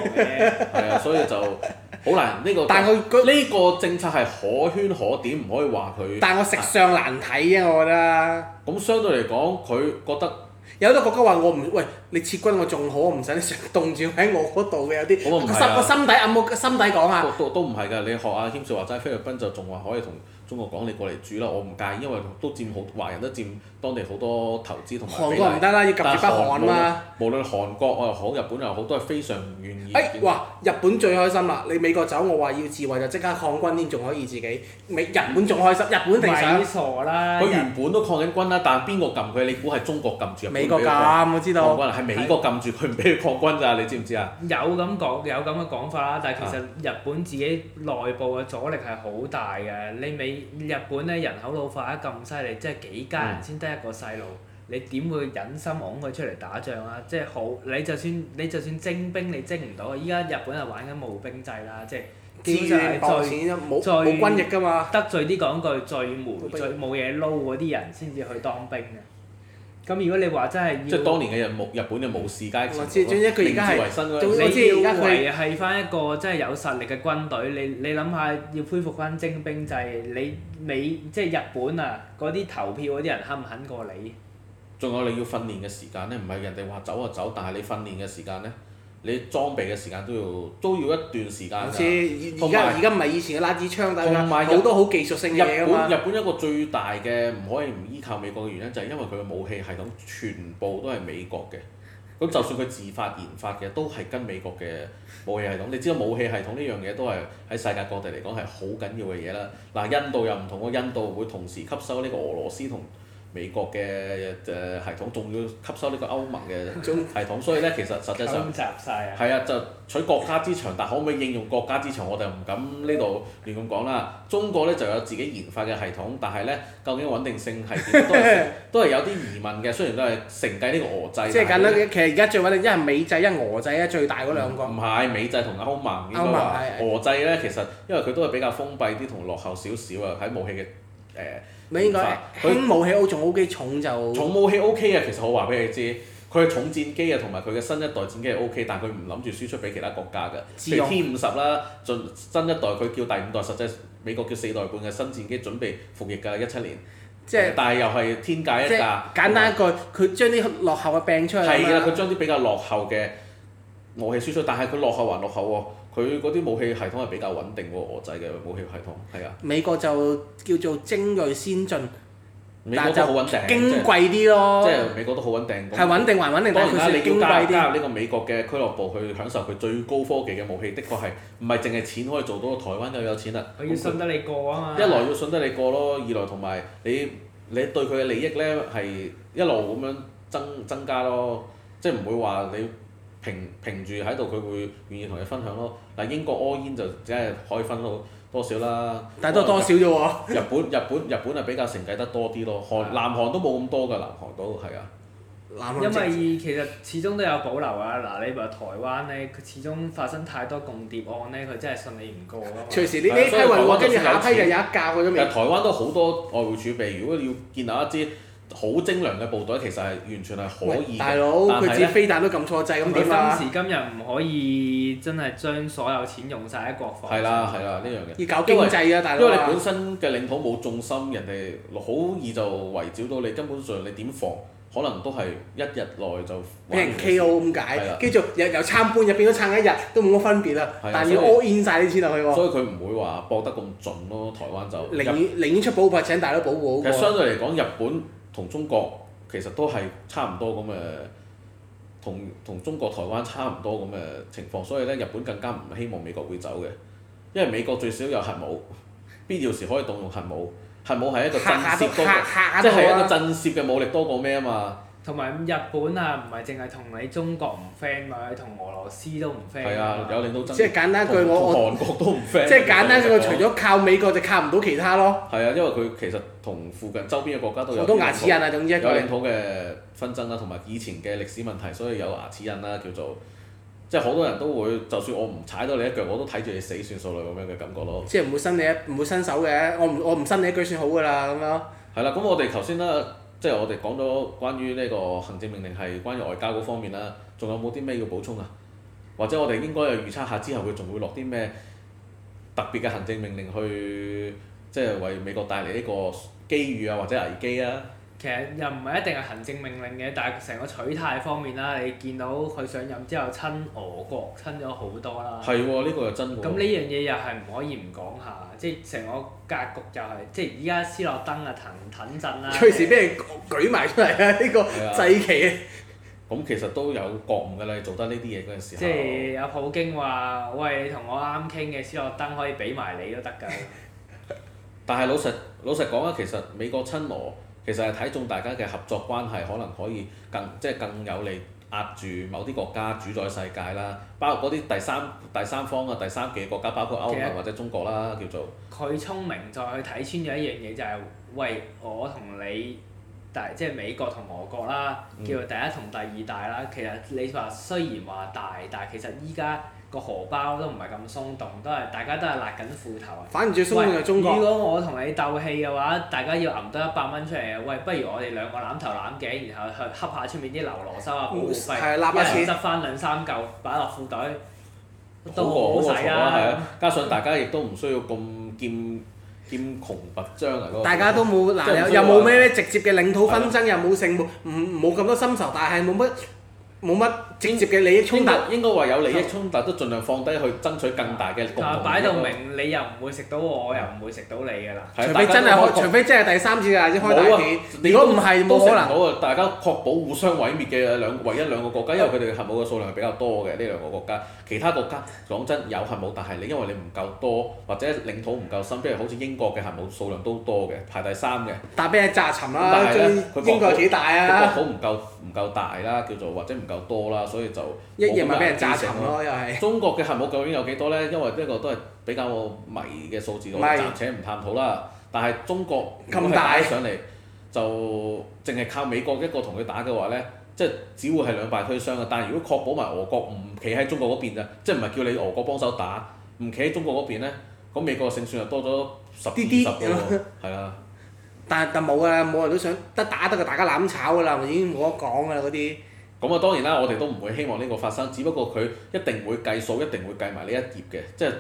係啊，所以就好難呢個。但係佢呢個政策係可圈可點，唔可以話佢。但係我食相難睇啊！我覺得。咁相對嚟講，佢覺得。有啲國家話，我唔喂你撤軍，我仲好，唔使動招喺我嗰度嘅有啲，個心個、啊、心底暗冇、啊、心底講啊！都都唔係㗎，你學阿添叔話齋，菲律賓就仲話可以同。中國講你過嚟住啦，我唔介意，因為都佔好華人都佔當地好多投資同埋。韓國唔得啦，要撳住北韓啊嘛韓無。無論韓國又好，日本又好，都係非常唔願意、欸。哎，哇！日本最開心啦，你美國走，我話要自衛就即刻抗軍添，仲可以自己美日本仲開心，日本地少。傻啦！佢原本都抗緊軍啦人，但係邊個撳佢？你估係中國撳住？美國撳軍我知道。國抗，的抗軍係美國撳住佢，唔俾佢抗軍咋？你知唔知啊？有咁講，有咁嘅講法啦，但係其實日本自己內部嘅阻力係好大嘅，你美。日本咧人口老化咁犀利，即係幾家人先得一個細路，嗯、你點會忍心擁佢出嚟打仗啊？即係好，你就算你就算徵兵，你徵唔到。依家日本係玩緊募兵制啦，即係基本上係最冇最軍役㗎嘛？得罪啲講句最霉、最冇嘢撈嗰啲人先至去當兵嘅。咁如果你話真係要，即係當年嘅日幕日本嘅武士階層，寧折為生。你要維係翻一個真係有實力嘅軍隊，你你諗下要恢復翻徵兵制，你美即係日本啊嗰啲投票嗰啲人肯唔肯過你？仲有你要訓練嘅時間咧，唔係人哋話走就走，但係你訓練嘅時間咧。你裝備嘅時間都要都要一段時間㗎。同埋而家唔係以前嘅拉子槍咁啦，好多好技術性嘅嘢啊嘛。日本日本一個最大嘅唔可以唔依靠美國嘅原因就係、是、因為佢嘅武器系統全部都係美國嘅。咁就算佢自發研發嘅都係跟美國嘅武器系統。你知道武器系統呢樣嘢都係喺世界各地嚟講係好緊要嘅嘢啦。嗱，印度又唔同，喎，印度印度會同時吸收呢個俄羅斯同。美國嘅誒系統，仲要吸收呢個歐盟嘅系統，中所以咧其實實際上係 了啊，就取國家之長，但可唔可以應用國家之長，我哋唔敢呢度亂咁講啦。 中國咧就有自己研發嘅系統，但係咧究竟穩定性係點都係都係有啲疑問嘅。雖然都係承繼呢個俄製，即係簡單啲，其實而家最穩定一係美製，一係俄製啊，最大嗰兩個。唔係美製同歐盟，歐盟 俄製咧，其實因為佢都係比較封閉啲同落後少少啊，喺武器嘅誒。呃唔應該輕武器好重，好幾重就？重武器 O K 啊，其實我話俾你知，佢係重戰機啊，同埋佢嘅新一代戰機係 O K，但佢唔諗住輸出俾其他國家嘅。自用。譬如 T 五十啦，準新一代佢叫第五代，實際美國叫四代半嘅新戰機準備服役㗎，一七年。即係、嗯。但係又係天價一架。即吧簡單一句，佢將啲落後嘅病出去，係啊，佢將啲比較落後嘅武器輸出，但係佢落後還落後喎。佢嗰啲武器系統係比較穩定喎，俄製嘅武器系統，係啊。美國就叫做精銳先進，但係就好穩定，矜貴啲咯。即係美國都好穩定。係穩定還穩定，當然啦、啊！要你要加加入呢個美國嘅俱樂部去享受佢最高科技嘅武器，的確係唔係淨係錢可以做到。台灣又有錢啦。要信得你過啊嘛！一來要信得你過咯，二來同埋你你，你對佢嘅利益咧係一路咁樣增增加咯，即係唔會話你。平平住喺度，佢會願意同你分享咯。嗱，英國屙煙就即係可以分到多少啦。但都多，多少啫喎。日本日本日本就比較承繼得多啲咯。韓南韓都冇咁多㗎，南韓都係啊。就是，因為其實始終都有保留啊。嗱，你話台灣咧，佢始終發生太多共諜案咧，佢真係信你唔過咯，啊。隨時呢呢批運過，跟住下批就有一窖嗰種。其實台灣都好多外匯儲備，如果你要見到一啲。好精良嘅部隊其實係完全係可以大佬，佢自己射飛彈都撳錯掣，咁點啊？今時今日唔可以真係將所有錢用晒喺國防。係啦係啦，呢樣嘢。要搞經濟啊，大佬。因為你本身嘅領土冇重心，人哋好易就圍剿到你，根本上你點防，可能都係一日內就俾人 K O 咁解，繼續又又撐半日變咗撐一日都冇乜分別啊！但係要 all in 晒啲錢落去喎。所以佢唔會話搏得咁盡咯，台灣就寧願寧願出保費請大佬保護好。其實相對嚟講，日本。同中國其實都係差唔多咁嘅，同同中國台灣差唔多咁嘅情況，所以咧，日本更加唔希望美國會走嘅，因為美國最少有核武，必要時可以動用核武，核武係一個震懾多過，即係一個震懾嘅武力多過咩啊嘛。同埋日本啊，唔係淨係同你中國唔 friend 啊，同俄羅斯都唔 friend 啊嘛。係啊，有領土爭即係簡單一句，和我我同韓國都唔 friend。即係簡單句，除咗靠美國，就靠唔到其他咯。係啊，因為佢其實同附近周邊嘅國家都有好多牙齒印啊，總之有領土嘅紛爭啦，同埋以前嘅歷史問題，所以有牙齒印啦，叫做即係好多人都會，就算我唔踩到你一腳，我都睇住你死算數類，咁樣嘅感覺咯。即係唔會伸你一，唔會伸手嘅。我唔我唔伸你一句算好㗎啦，咁樣。係啦，咁我哋頭先啦。即係我哋講咗關於呢個行政命令係關於外交嗰方面啦，仲有冇啲咩要補充啊？或者我哋應該又預測下之後佢仲會落啲咩特別嘅行政命令去，即係為美國帶嚟呢個機遇啊，或者危機啊？其實又唔係一定係行政命令嘅，但係成個取態方面啦，你見到佢上任之後親俄國親咗好多啦。係喎，呢、這個又真喎。咁呢樣嘢又係唔可以唔講下，即係成個格局就係、是、即係依家斯諾登啊、騰騰震啦。隨時俾人舉埋出嚟啊！呢、這個祭旗的。咁 其實都有覺悟㗎啦，你做得呢啲嘢嗰陣時候。即係有普京話：喂，你同我啱傾嘅斯諾登可以俾埋你都得㗎。 但係老實老實講啊，其實美國親俄。.其實係睇中大家嘅合作關係，可能可以更即係、就是、更有利壓住某啲國家主宰世界啦。包括嗰啲第三第三方嘅第三嘅國家，包括歐盟或者中國啦，叫做佢聰明再去睇穿咗一樣嘢，就係喂，我同你大即係美國同俄國啦，叫做第一同第二大啦。其實你話雖然話大，但係其實依家。個荷包都唔係咁鬆動，都係大家都係勒緊褲頭。反而最鬆動就中國。如果我同你鬥氣嘅話，大家要揞多一百蚊出嚟。喂，不如我哋兩個攬頭攬頸，然後去恰下出面啲流羅收下保護費，嗯嗯嗯、一次執翻兩三嚿擺落褲袋。嗯、都好，好，好啊。加上大家亦都唔需要咁劍 劍窮拔張、嗰個、大家都冇嗱，又冇咩直接嘅領土紛爭，又冇剩，冇咁多深仇，但係冇乜。 冇乜直接嘅利益衝突，應該話有利益衝突都盡量放低去爭取更大嘅共同。但擺到明，你又唔會食到我，我我又唔會食到你㗎啦。除非真係除非真係第三次大戰開打。如果唔係冇可能。大家確保互相毀滅嘅兩唯一兩個國家，因為佢哋核武嘅數量係比較多嘅呢兩個國家。其他國家講真有核武，但係你因為你唔夠多或者領土唔夠深，即係好似英國嘅核武數量都多嘅，排第三嘅，但係俾人炸沉啦。英國幾大啊？國土唔夠唔夠大啦，叫做或者唔夠多啦，所以就一樣咪俾人炸沉咯，又係。中國嘅核武究竟有幾多呢？因為呢個都係比較迷嘅數字，我暫且唔探討啦。但係中國咁大上嚟就淨係靠美國一個同佢打嘅話呢。即係只會係兩敗俱傷嘅，但係如果確保埋俄國唔企喺中國嗰邊啫，即係唔係叫你俄國幫手打，唔企喺中國嗰邊咧，咁美國勝算就多咗十啲啲，十幾個 的，係 但係但冇啊，冇人都想得打得，大家攬炒㗎啦，已經冇得講㗎啦嗰啲。咁啊，當然啦，我哋都唔會希望呢個發生，只不過佢一定會計數，一定會計埋呢一頁嘅，即係。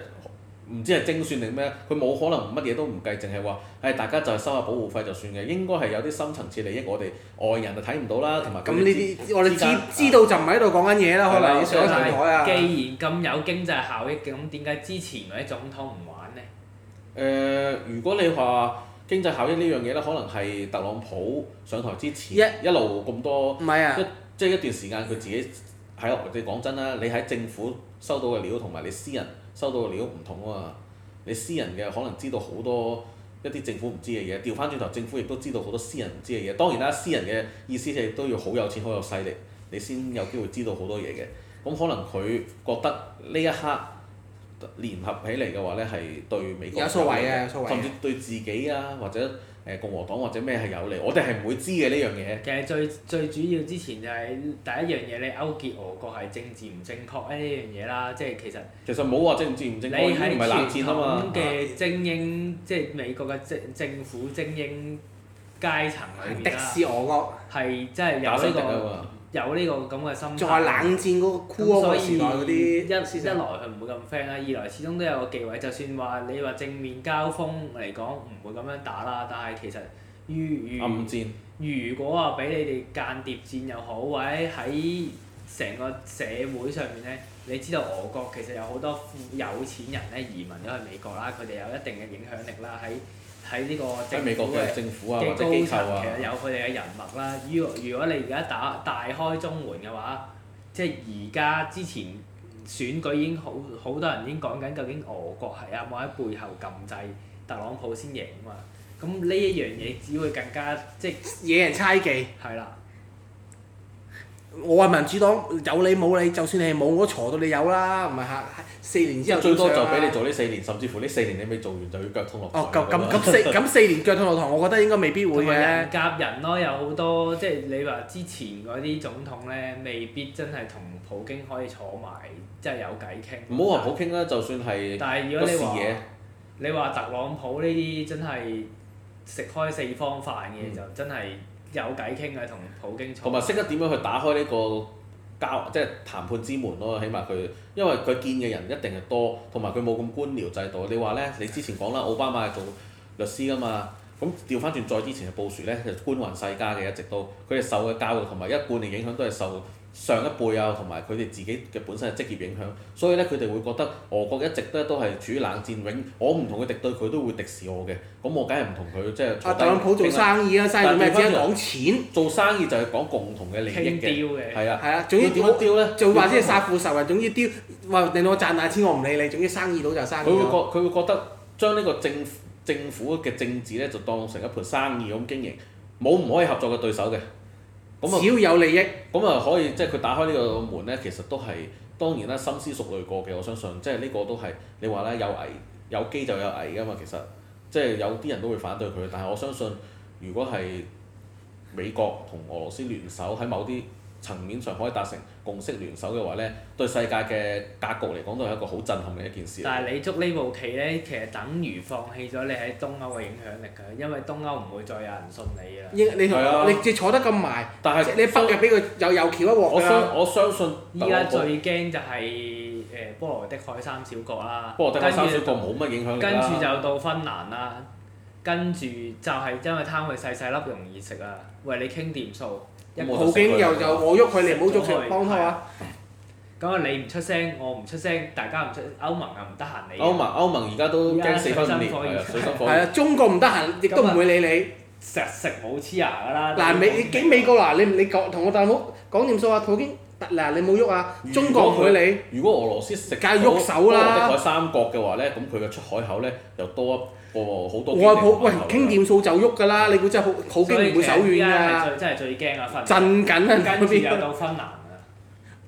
唔知係精算定咩？佢冇可能乜嘢都唔計，淨係話誒大家就係收下保護費就算嘅。應該係有啲深層次利益我，我哋外人就睇唔到啦。同埋咁呢啲，我哋知道間知道就唔係喺度講緊嘢啦。啊、可能上台既然咁有經濟效益，咁點解之前嗰啲總統唔玩呢？誒、呃，如果你話經濟效益呢樣嘢咧，可能係特朗普上台之前一一路咁多，唔係啊，即係一、就係、一段時間佢自己喺我哋講真啦，你喺政府收到嘅料同埋你私人。收到嘅料唔同啊嘛，你私人嘅可能知道好多一啲政府唔知嘅嘢，調翻轉頭，政府亦都知道好多私人唔知嘅嘢。當然啦，私人嘅意思係都要好有錢好有勢力，你先有機會知道好多嘢嘅。咁、嗯、可能佢覺得呢一刻聯合起嚟嘅話咧，係對美國有有有，有所謂啊，有所謂，甚至對自己啊或者。誒共和黨或者咩係有利，我哋係唔會知嘅呢樣嘢。其實最最主要之前就係、是、第一樣嘢，你勾結俄國係政治唔正確呢樣嘢啦，即係其實。其實冇話政治唔正確，唔係冷戰啊嘛。嘅精英，啊、即係美國嘅政政府精英階層裏面啦。是的士俄國係真係有呢個。有呢個咁嘅心態，再冷戰嗰個箍。所以一一來佢唔會咁 friend 啦的，二來始終都有個忌諱。就算話你話正面交鋒嚟講唔會咁樣打啦，但係其實如如戰如果話俾你哋間諜戰又好，或者喺成個社會上面咧，你知道俄國其實有好多富有錢人咧移民咗去美國啦，佢哋有一定嘅影響力啦喺。喺呢個政府嘅高層其實有佢哋嘅人脈啦。如如果你而家打大開中門嘅話，即係而家之前選舉已經好好多人已經講緊，究竟俄國係有冇喺背後撳掣特朗普先贏啊嘛。咁呢一樣嘢只會更加即係惹人猜忌。係啦。我係民主黨，有你冇你，就算你係冇，我挫到你有啦，唔係嚇。四年之後、啊。最多就俾你做呢四年，甚至乎呢四年你未做完就要腳痛落台。哦，咁咁四咁四年腳痛落台，我覺得應該未必會嘅。人夾人咯、啊，有好多即係你話之前嗰啲總統咧，未必真係同普京可以坐埋，即係有偈傾。唔好話普京啦，就算係。但係如果你話嘢，你話特朗普呢啲真係食開四方飯嘅，就真係。嗯真，有偈傾嘅，同普京，同埋識得點樣去打開呢個交，即係談判之門咯。起碼佢，因為佢見嘅人一定係多，同埋佢冇咁官僚制度。你話呢，你之前講啦，奧巴馬係做律師噶嘛？咁調返轉再之前嘅布殊呢，係官宦世家嘅，一直都佢受嘅教育同埋一貫嘅影響都係受。上一輩啊，同埋佢哋自己嘅本身嘅職業影響，所以咧佢哋會覺得俄國一直都都係處於冷戰永，永我唔同佢敵對，佢都會敵視我嘅。咁我梗係唔同佢即係、啊。特朗普做生意啊，生意咩啫？講錢。做生意就係講共同嘅利益嘅。傾掉嘅啊。係啊，總之點樣掉咧？就話即係殺父仇人，總之掉，話令到我賺大錢，我唔理你。總之生意到就生意。佢覺佢會覺得將呢個政府政府嘅政治咧，就當成一盤生意咁經營，冇唔可以合作嘅對手嘅。只要有利益，咁啊可以即係佢打開呢個門咧，其實都係當然啦，深思熟慮過嘅。我相信即係呢個都係你話咧，有危有機就有危噶嘛。其實即係、就是、有啲人都會反對佢，但係我相信如果係美國同俄羅斯聯手喺某啲層面上可以達成共識聯手嘅話咧，對世界嘅格局嚟講都係一個好震撼嘅一件事。但係你捉呢步棋咧，其實等於放棄咗你喺東歐嘅影響力㗎，因為東歐唔會再有人信你啦。你、啊、你，你坐得咁埋，但係你崩入俾佢有油橋啊！我相信。依家最驚就係誒波羅的海三小國啦。波羅的海三小國冇乜影響力。跟住就到芬蘭啦，跟住就係因為貪佢細細粒容易食啊，餵你傾掂數。人普京又就我喐佢，你唔好喐佢，幫佢啊！咁啊，你唔出聲，我唔出聲，大家唔出聲，歐盟啊，唔得閒理你。歐盟歐盟而家都驚四分五裂，係啊，中國唔得閒亦都唔會理你。實食冇黐牙噶啦！嗱美你講美國嗱、啊，你你，你講同我大佬講掂數啊，普京嗱你冇喐啊，中國唔會理。如果俄羅斯食街喐手啦，波羅的海三國嘅話咧，咁佢嘅出海口咧又多。哦，好多！我阿喂，傾掂數就喐噶啦，你估真係好，好驚唔會手軟噶。真係最驚啊！震緊啊！今次又到芬蘭啊！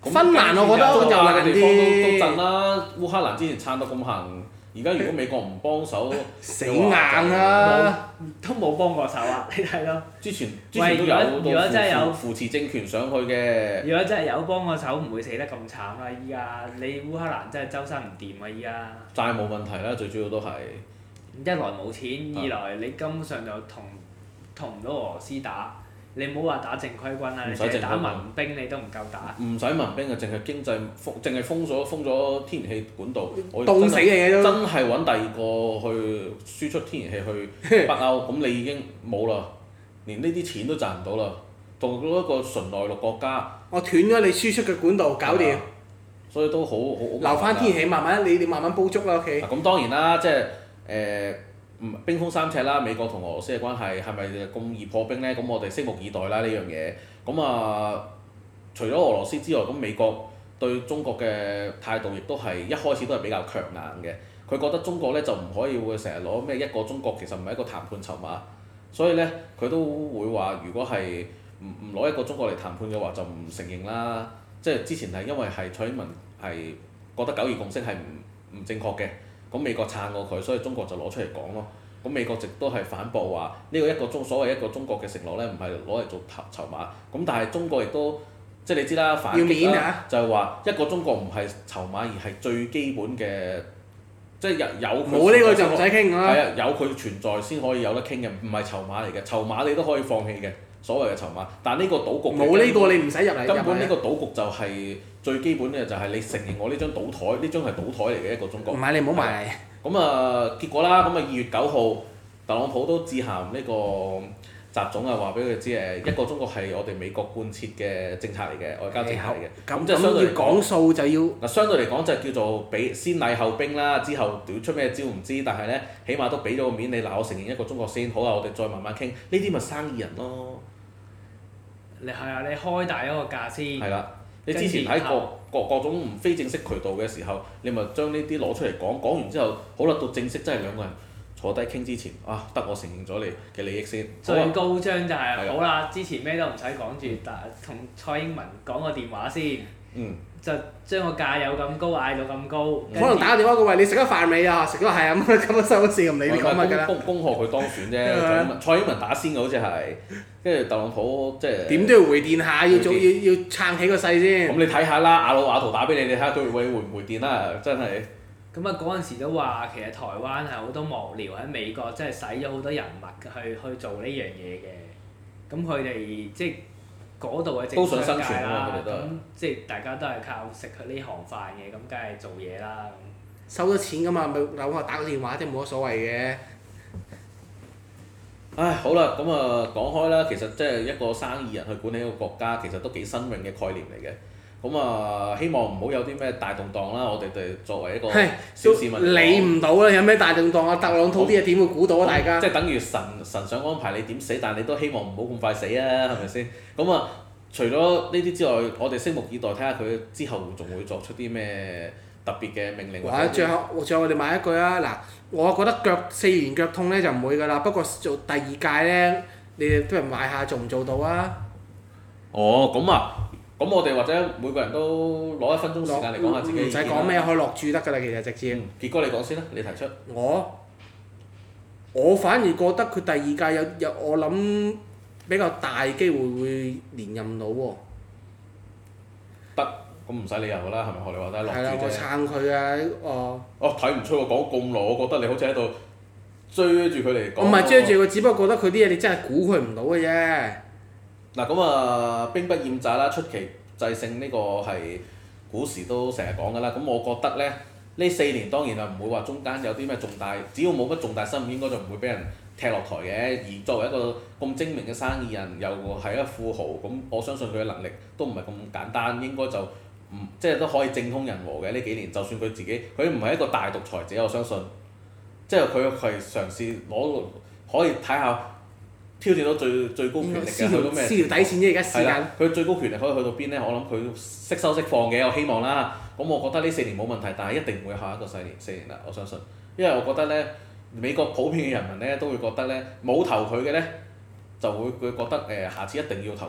芬蘭，我覺得就難啲。都震啦！烏克蘭之前撐得咁行，而家如果美國唔幫手，死硬啦！都冇幫過手啊！你睇咯。之前之前都有。扶持政權上去嘅。如果真係有幫過手，唔會死得咁慘啦！依家你烏克蘭真係周身唔掂啊！依家。債務問題啦，最主要都係。一來冇錢，二來你根本上就同同唔到俄羅斯打。你唔好話打正規軍啦，你淨係打民兵，啊、你都唔夠打。唔使民兵啊，淨係經濟封，淨係封咗封咗天然氣管道。凍死你都。真係揾第二個去輸出天然氣去北歐，咁 你已經冇啦，連呢啲錢都賺唔到啦。到咗一個純內陸國家。我斷咗你輸出嘅管道，搞掂。所以都好好。啊、留翻天然氣，慢慢你哋慢慢煲粥啦，屋企。咁當然啦，即係。誒唔、呃、冰封三尺啦，美國同俄羅斯嘅關係係咪咁易破冰咧？咁我哋拭目以待啦呢樣嘢。咁啊，除咗俄羅斯之外，咁美國對中國嘅態度亦都係一開始都係比較強硬嘅。佢覺得中國咧就唔可以會成日攞咩一個中國，其實唔係一個談判籌碼。所以咧，佢都會話，如果係唔唔攞一個中國嚟談判嘅話，就唔承認啦。即、就、係、是、之前係因為係蔡英文係覺得九二共識係唔唔正確嘅。咁美國撐過佢，所以中國就攞出嚟講咯。咁美國直都係反駁話：呢個一個中所謂一個中國嘅承諾咧，唔係攞嚟做籌籌碼。咁但係中國亦都即係你知啦，反面啦，就係話一個中國唔係籌碼，而係最基本嘅，即係有有。冇呢個就唔使傾啦。係啊，有佢存在先可以有得傾嘅，唔係籌碼嚟嘅，籌碼你都可以放棄嘅。所謂嘅籌碼，但係呢個賭局，冇呢個你唔使入嚟。根本呢個賭局就係最基本嘅，就係你承認我呢張賭台，呢張係賭台嚟嘅一個中國。唔係，你唔好買。咁啊、呃，結果啦，咁啊二月九號，特朗普都致函呢個習總啊，話俾佢知誒，一個中國係我哋美國貫徹嘅政策嚟嘅，外交政策嚟嘅。咁、嗯、那即咁要講數就要。嗱，相對嚟講就叫做俾先禮後兵啦，之後屌出咩招唔知，但係咧，起碼都俾咗個面你嗱，我承認一個中國先，好啊，我哋再慢慢傾。呢啲咪生意人咯。你係啊！你開大嗰個價先。係啦、啊，你之前喺各、啊、各，各各種唔非正式渠道嘅時候，你咪將呢啲攞出嚟講，講完之後，好啦，到正式真係兩個人。坐低傾之前，啊得我承認咗你嘅利益先。啊、最高張就係、是、的好啦、啊，之前咩都唔使講住，但同蔡英文講個電話先，嗯、就將個價有咁高嗌到咁高。高嗯、可能打個電話佢問你食咗飯未啊？食咗係啊咁啊收咗線咁你講咪得恭恭恭賀佢當選啫，的蔡英文打先好似係，跟住特朗普即係。點都要回電下，要電要要，要，要撐起個勢先。咁你睇下啦，阿魯阿圖打俾你，你睇下佢會回唔回電啦、啊，真係。 咁啊，嗰陣時都話，其實台灣係好多幕僚喺美國，即係使咗好多人物去去做呢樣嘢嘅。咁佢哋即係嗰度嘅政商界啦，咁即係大家都係靠食佢呢行飯嘅，咁梗係做嘢啦，收咗錢㗎嘛，咪打個電話都冇乜所謂嘅。唉，好啦，咁啊講開啦，其實即係一個生意人去管理一個國家，其實都幾新穎嘅概念嚟嘅。咁啊，希望唔好有啲咩大動盪啦！我哋哋作為一個小市民，理唔到啦。我有咩大動盪啊？特朗普啲嘢點會估到啊？我大家即係等於神神想安排你點死，但係你都希望唔好咁快死啊？係咪先？咁啊、 嗯，除咗呢啲之外，我哋拭目以待，睇下佢之後仲會作出啲咩特別嘅命令。或者，最後我哋買一句啊，嗱，我覺得腳四完腳痛咧就唔會噶啦。不過做第二屆咧，你哋都係買下做唔做到啊？哦，咁啊！咁我哋或者每個人都攞一分鐘時間嚟講下自己意見。唔使講咩，可以落注得㗎啦，其實直接。嗯、傑哥，你講先啦，你提出。我，我反而覺得佢第二屆有有我諗比較大機會會連任到喎、啊。得，咁唔使理由㗎啦，係咪學你話齋落注啫？我撐佢啊！哦，我睇唔出，我講咁耐，我覺得你好似喺度追住佢嚟講。唔係追住佢，我只不過覺得佢啲嘢你真係估佢唔到嘅啫。嗱咁啊，兵不厭詐啦，出奇制勝呢個係古時都成日講嘅啦。咁我覺得呢，呢四年當然啊唔會話中間有啲咩重大，只要冇乜重大失誤，應該就唔會俾人踢落台嘅。而作為一個咁精明嘅生意人，又係一個富豪，咁我相信佢嘅能力都唔係咁簡單，應該就唔即係都可以政通人和嘅呢幾年。就算佢自己，佢唔係一個大獨裁者，我相信，即係佢係嘗試攞，可以睇下。挑戰到最最高權力嘅條去到咩？係啦、啊，佢最高權力可以去到邊呢？我諗佢識收識放嘅，我希望啦。咁我覺得呢四年冇問題，但係一定會下一個四年四年啦，我相信。因為我覺得呢美國普遍嘅人民呢，都會覺得呢冇投佢嘅呢，就會佢覺得誒，下次一定要投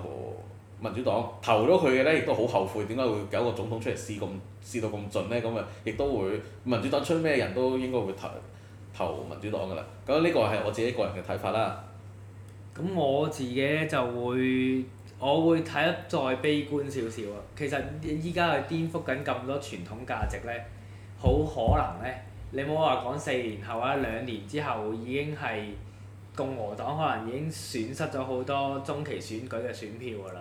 民主黨。投咗佢嘅呢，亦都好後悔，點解會搞個總統出嚟試咁試到咁盡呢？咁啊，亦都會民主黨出咩人都應該會投，投民主黨㗎啦。咁呢個係我自己個人嘅睇法啦。咁我自己咧就會，我會睇得再悲觀少少啊！其實依家係顛覆緊咁多傳統價值咧，好可能咧，你冇話講四年後啊，兩年之後已經係共和黨可能已經損失咗好多中期選舉嘅選票㗎啦。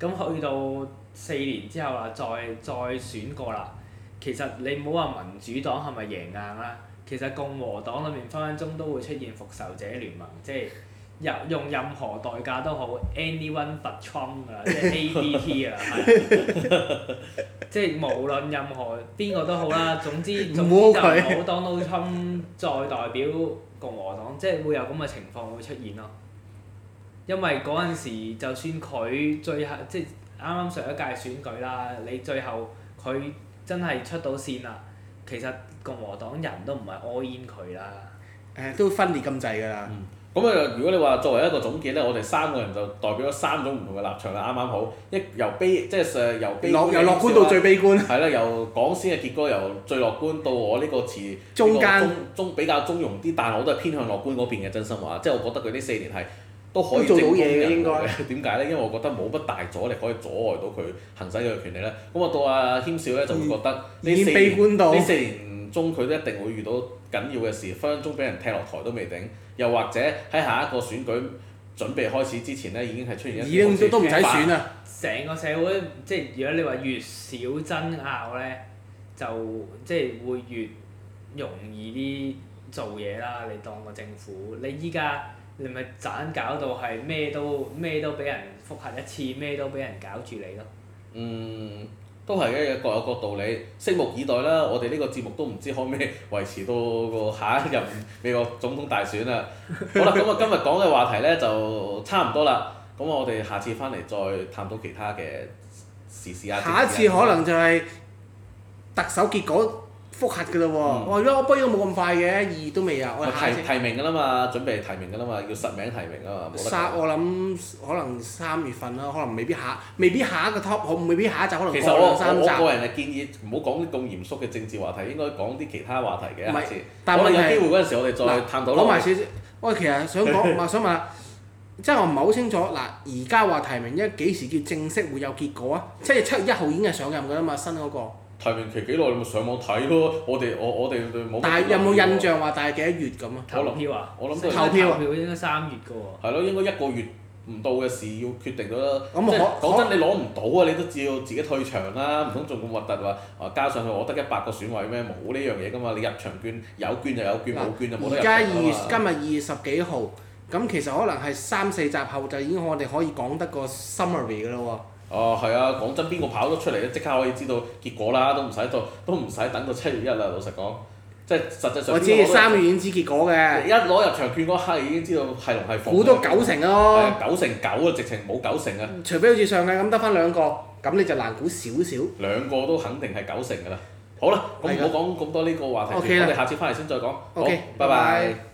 咁去到四年之後啦，再再選過啦，其實你冇話民主黨係咪贏硬啦，其實共和黨裏面分分鐘都會出現復仇者聯盟，即係～入用任何代價都好，anyone but Trump 啊，即係 A B T 啊， 即係無論任何邊個都好啦。總之，他總之就冇 Donald Trump 再代表共和黨，即係會有咁嘅情況會出現咯。因為嗰陣時，就算佢最後即係啱啱上一屆選舉啦，你最後佢真係出到線啦，其實共和黨人都唔係哀怨佢啦。誒，都分裂咁滯㗎啦！嗯咁啊！如果你話作為一個總結咧，我哋三個人就代表咗三種唔同嘅立場啦，啱啱好一由悲，即係由樂，由樂、就是、觀由到最悲觀，係啦， 由講先嘅結果由最樂觀到我呢個詞中間中，中比較中庸啲，但係我都係偏向樂觀嗰邊嘅，真心話，即、就、係、是、我覺得佢呢四年係都可以都做到嘢嘅應該。點解咧？因為我覺得冇乜大阻力可以阻礙到佢行使佢嘅權利咧。咁啊，到阿軒少咧就會覺得呢四年呢四年中佢都一定會遇到緊要嘅事，分分鐘俾人踢落台都未定。又或者喺下一個選舉準備開始之前咧，已經係出現一啲嘅反。成個社會即係，如果你話越少爭拗咧，就即係會越容易啲做嘢啦。你當個政府，你依家你咪盞搞到係咩都咩都俾人覆核一次，咩都俾人搞住你咯。嗯。都係嘅，各有各道理，拭目以待啦！我哋呢個節目都唔知可唔可以維持到個下一任美國總統大選啦。 好啦，咁啊今日講嘅話題呢就差唔多啦，咁我哋下次翻嚟再探討其他嘅時事啊！下一次可能就係特首結果。複核㗎啦喎！我如果我杯應該冇咁快嘅，二都未啊！我下一次提提名㗎啦嘛，準備提名㗎啦嘛，要實名提名啊嘛。冇得。我諗可能三月份啦，可能未必下，未必下一個 top，可能未必下一集可能過兩三集。其實個人係建議，唔好講啲咁嚴肅嘅政治話題，應該講啲其他話題嘅。唔係，但係我哋有機會嗰陣時，我哋再探討咯。講埋少少，喂， 其實想講，我想問，即係我唔係好清楚，嗱，而家話提名一幾時叫正式會有結果啊？七月，七月一號已經係上任㗎啦嘛，新嗰個。提名期幾耐？你咪上網睇咯。我哋我我哋冇。但係有冇印象話大約幾多月咁啊？投票啊！我諗投票應該三月嘅喎。係咯，應該一個月唔到嘅事要決定㗎喇。咁可可講真，你攞唔到啊！你都只要自己退場啦，唔通仲咁核突話？加上去我得一百個選位咩？冇呢樣嘢㗎嘛！你入場券有券就有券，冇券就冇得入。而家二今日二十幾號，咁其實可能係三四集後就已經我哋可以講得個 summary 㗎啦喎。哦，係啊！講真，邊個跑咗出嚟咧，即刻可以知道結果啦，都唔使到，都唔使等到七月一啦。老實講，即係實際上。我知個三月已經知結果嘅。一攞入場券嗰刻、那個、已經知道係龍係鳳。估到九成咯、啊。九成九啊，直情冇九成啊。除非好似上屆咁得翻兩個，咁你就難估少少。兩個都肯定係九成㗎啦。好啦，咁唔好講咁多呢個話題的先說，我哋下次翻嚟先再講。好 OK Okay, 拜拜。